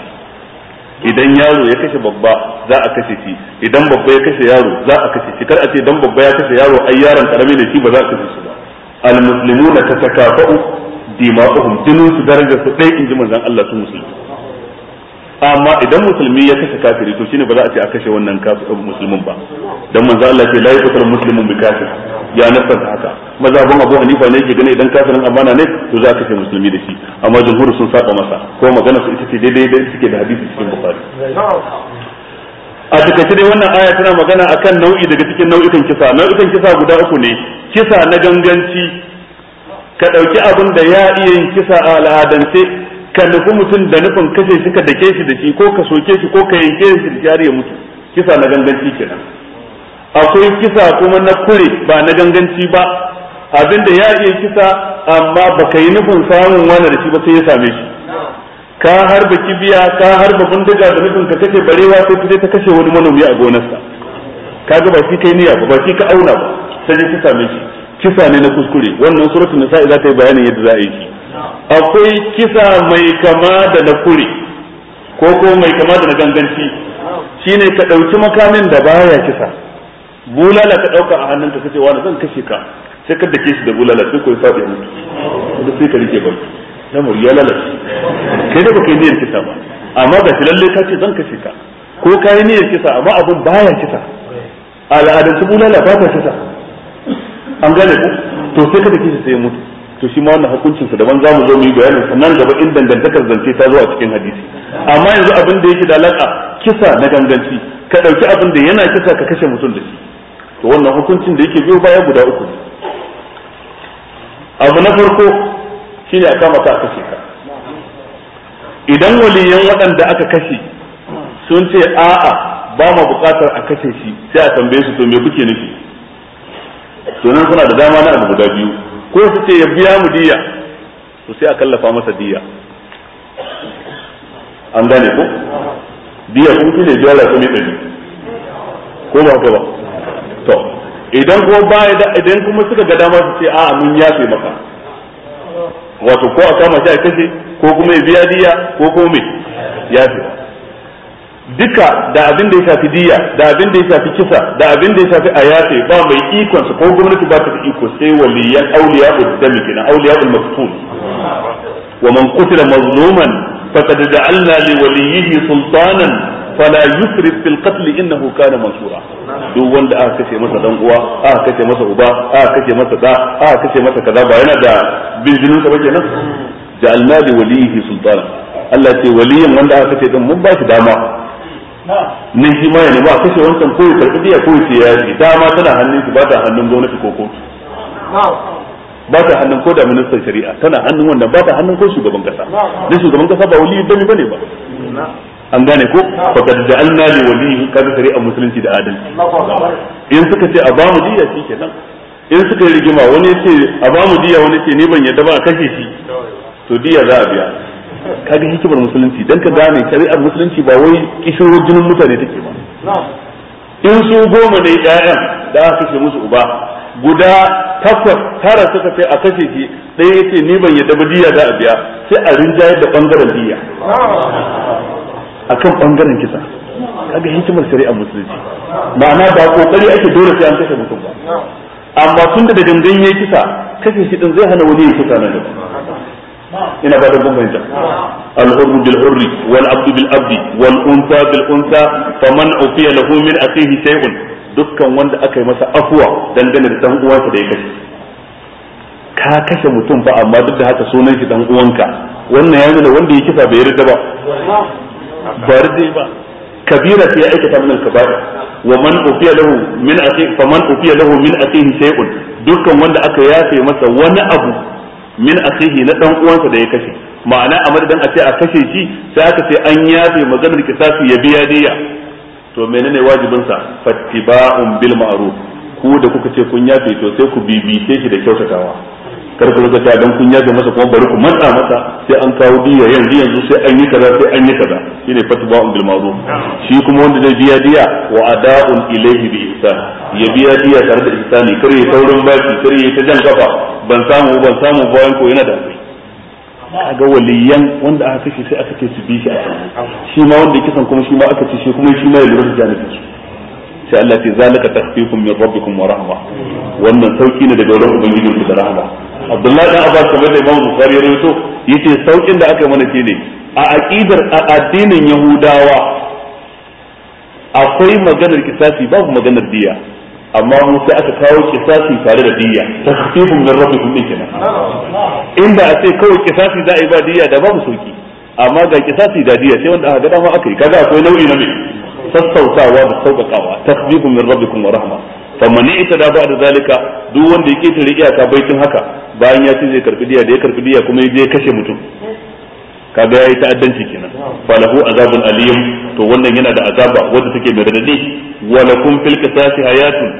idan yaro ya kashe babba za a kashe shi idan babba ya kashe yaro za a kashe shi kar a ce idan babba ya kashe yaro ai yaron karami ne shi ba za a kashe shi ba al muslimuna tatakafa'u dima'uhum jinin su daraja su dai inji manzon Allah su musulmi amma idan musulmi ya kashe kafiri to shine ba za a ce a kashe wannan musulmin ba dan manzo Allah ce la yaqtul muslimun bi kafir ya nafsa haka mazhabin Abu Hanifa ne yake gane idan kafirin amana ne to za a kashe musulmi da shi amma jumhur sun saba masa ko magana su ita ce daidai da suke da hadisi cikin Bukhari a takaice dai wannan aya tana magana akan nau'i daga cikin nau'ikan kisa nau'ikan kisa guda uku ne kisa na ganganci ka ɗauki abin da ya iya yin kisa a al'adance ka nufi mutum da nufin kashe shi ka dake shi da shi ko ka soke shi ko ka yanke shi da shi ya mutu kisa na ganganci kenan akwai kisa kuma na kure ba na ganganci ba abinda ya iya kisa amma ba ka yi nufin samun wani da shi ba sai ya same shi ka harba kibiya ka harba bindiga da nufin ka kashe barewa sai ta ta kashe wani manomi a gonarsa kaga ba shi kai niyya ba ba shi ka auna ba sai ya same shi kisa ne na kuskure wannan suratul nisa'i za ta yi bayanin yadda za a yi shi akwai kisa mai kama da na kure ko ko mai kama da na ganganci shine ka ɗauki makamin da baya kisa bulala ka ɗauka a hannunka ka ce wani zan kashe ka sai ka dake shi da bulala sai ko ya faɗi mutu da sai ka rike ba lamar ya lalace kai da baka yi niyyar kisa ba amma ga shi lalle ka ce zan kashe ka ko ka yi niyyar kisa amma abun baya kisa al'adun su bulala ba ta kisa an gane ku to sai ka dake shi sai ya mutu to shi ma wannan hukuncin sa daban zamu zo mu yi bayani sannan gaba in dangantakar zance ta zo a cikin hadisi amma yanzu abin da yake da alaka kisa na ganganci ka dauki abin da yana kisa ka kashe mutum da shi to wannan hukuncin da yake biyo baya guda uku abu na farko shine a kama ka kashe ka idan waliyan waɗanda aka kashe sun ce a'a ba mu buƙatar a kashe shi sai a tambaye su to me kuke nufi to nan suna da dama na abu guda biyu ko su ce ya biya mu diya to sai a kallafa masa diya an gane ko diya kun ne dole su kuma ko ba ko ba to idan kuma ba da idan kuma suka ga dama su ce a mun yafe maka wato ko a kama shi a kashe ko kuma ya biya diya ko kuma me yafe duka da abin da ya shafi diya da abin da ya shafi kisa da abin da ya shafi ayati ba mai ikon su ko gwamnati ba ta iko sai waliyan auliya uddami kenan auliya al-maqtul wa man qutila mazluman faqad ja'alna li waliyhi sultanan fala yusrif fil qatl innahu kana mansura duk wanda aka kace masa dan uwa aka kace masa uba aka kace masa da aka kace masa kaza ba yana da bijinin sa ba kenan ja'alna li waliyhi sultanan Allah ce waliyin wanda aka kace din mun ba shi dama ne shi ma ya nema kashe wancan ko ya karbi biya ko ya siya ta dama tana hannun shi ba ta hannun gwamnati ko kotu ba ta hannun ko da ministan shari'a tana hannun wannan ba ta hannun ko shugaban kasa ne shugaban kasa ba wali bane bane ba an gane ko fa kad ja'alna li walihi kaza shari'a musulunci da adalci in suka ce a ba shi diya nan in suka yi rigima wani ce a bamu diya wani ce ne ban yadda ba a kashe shi to diya za a biya kaga hikimar musulunci dan ka gane shari'ar musulunci ba wai kishiro jinin mutane take ba in su goma ne 'ya'yan, da aka kashe musu uba guda takwas tara suka sai a kashe shi ɗaya yace ni ban yadda ba diya za a biya sai a rinjayar da bangaren diya akan bangaren kisa kaga hikimar shari'ar musulunci ma'ana ba kokari ake dole sai an kashe mutum ba amma tun da gangan yayi kisa kashe shi din zai hana wani ya kisa na gaba ina ba da bambanta al-hurru bil hurri wal abdu bil abdi wal unsa bil unsa faman ufiya lahu min akhihi shay'un dukkan wanda aka yi masa afuwa dangane da dan uwansa da ya kashe ka kashe mutum ba amma duk da haka sunan shi dan uwanka wannan ya nuna wanda ya kisa bai yarda ba ba ba kabira sai ya aikata min ba. wa man ufiya lahu min akhi faman ufiya lahu min akhihi shay'un dukkan wanda aka yafe masa wani abu min akhihi na dan uwansa da ya kashe ma'ana a madadin a ce a kashe shi sai aka ce an yafe maganar kisasi ya biya diya to menene wajibin sa fattiba'un bil ma'ruf ku da kuka ce kun yafe to sai ku bibice shi da kyautatawa kar ku a dan kun yaga masa kuma bari ku matsa masa sai an kawo diya yanzu yanzu sai an yi kaza sai an yi kaza shine fatba'un bil ma'ruf shi kuma wanda zai biya diya wa ada'un ilayhi bi ihsan ya biya diya tare da ihsani kar ya saurin baki kar ya ta jan kafa ban samu ban samu bayan ko yana da ga waliyan wanda aka kashe sai aka ce su bi shi a can shi ma wanda kisan kuma shi ma aka ce shi kuma shi ma ya lura da janibin su sai Allah ce zalika takhfifun min rabbikum wa rahma wannan sauki ne daga wurin ubangijin ku da rahma abdullahi dan abbas kamar da imam bukhari ya rawaito yace saukin da aka mana shine a aqidar a addinin yahudawa akwai maganar kisasi babu maganar diya amma mu sai aka kawo kisasi tare da diya tasfifun min rabbi din kenan inda a ce kawai kisasi za yi ba diya da babu sauki amma ga kisasi da diya sai wanda aka gada ma aka yi kaga akwai nau'i na me sassautawa da sauƙaƙawa tasfifun min rabbikum wa rahma faman ita da ba da zalika duk wanda yake tare iyaka baitin haka bayan ya ce zai karbi diya da ya karbi diya kuma ya je kashe mutum kaga yayi ta'addanci kenan falahu azabun aliyum to wannan yana da azaba wanda take mai radadi walakum fil qisasi hayatun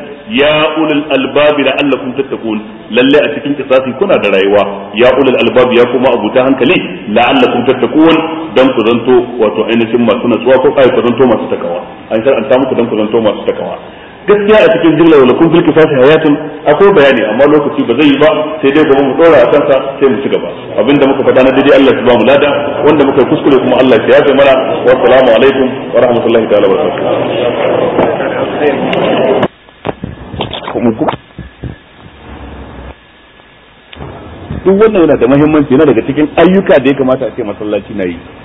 ya ulul albab la'allakum tattaqun lalle a cikin qisasi kuna da rayuwa ya ulul albab ya kuma abuta hankali la'allakum tattaqun dan ku zanto wato ainihin masu natsuwa ko ai ku zanto masu takawa an samu muku dan ku zanto masu takawa gaskiya a cikin jilla wa lakum fil qisas hayatun akwai bayani amma lokaci ba zai yi ba sai dai gobe mu dora a kansa sai mu ci gaba abinda muka faɗa na daidai Allah ya ba mu lada wanda muka kuskure kuma Allah ya yafe mana wa assalamu alaikum wa rahmatullahi ta'ala wa barakatuh duk wannan yana da muhimmanci yana daga cikin ayyuka da ya kamata a ce masallaci na yi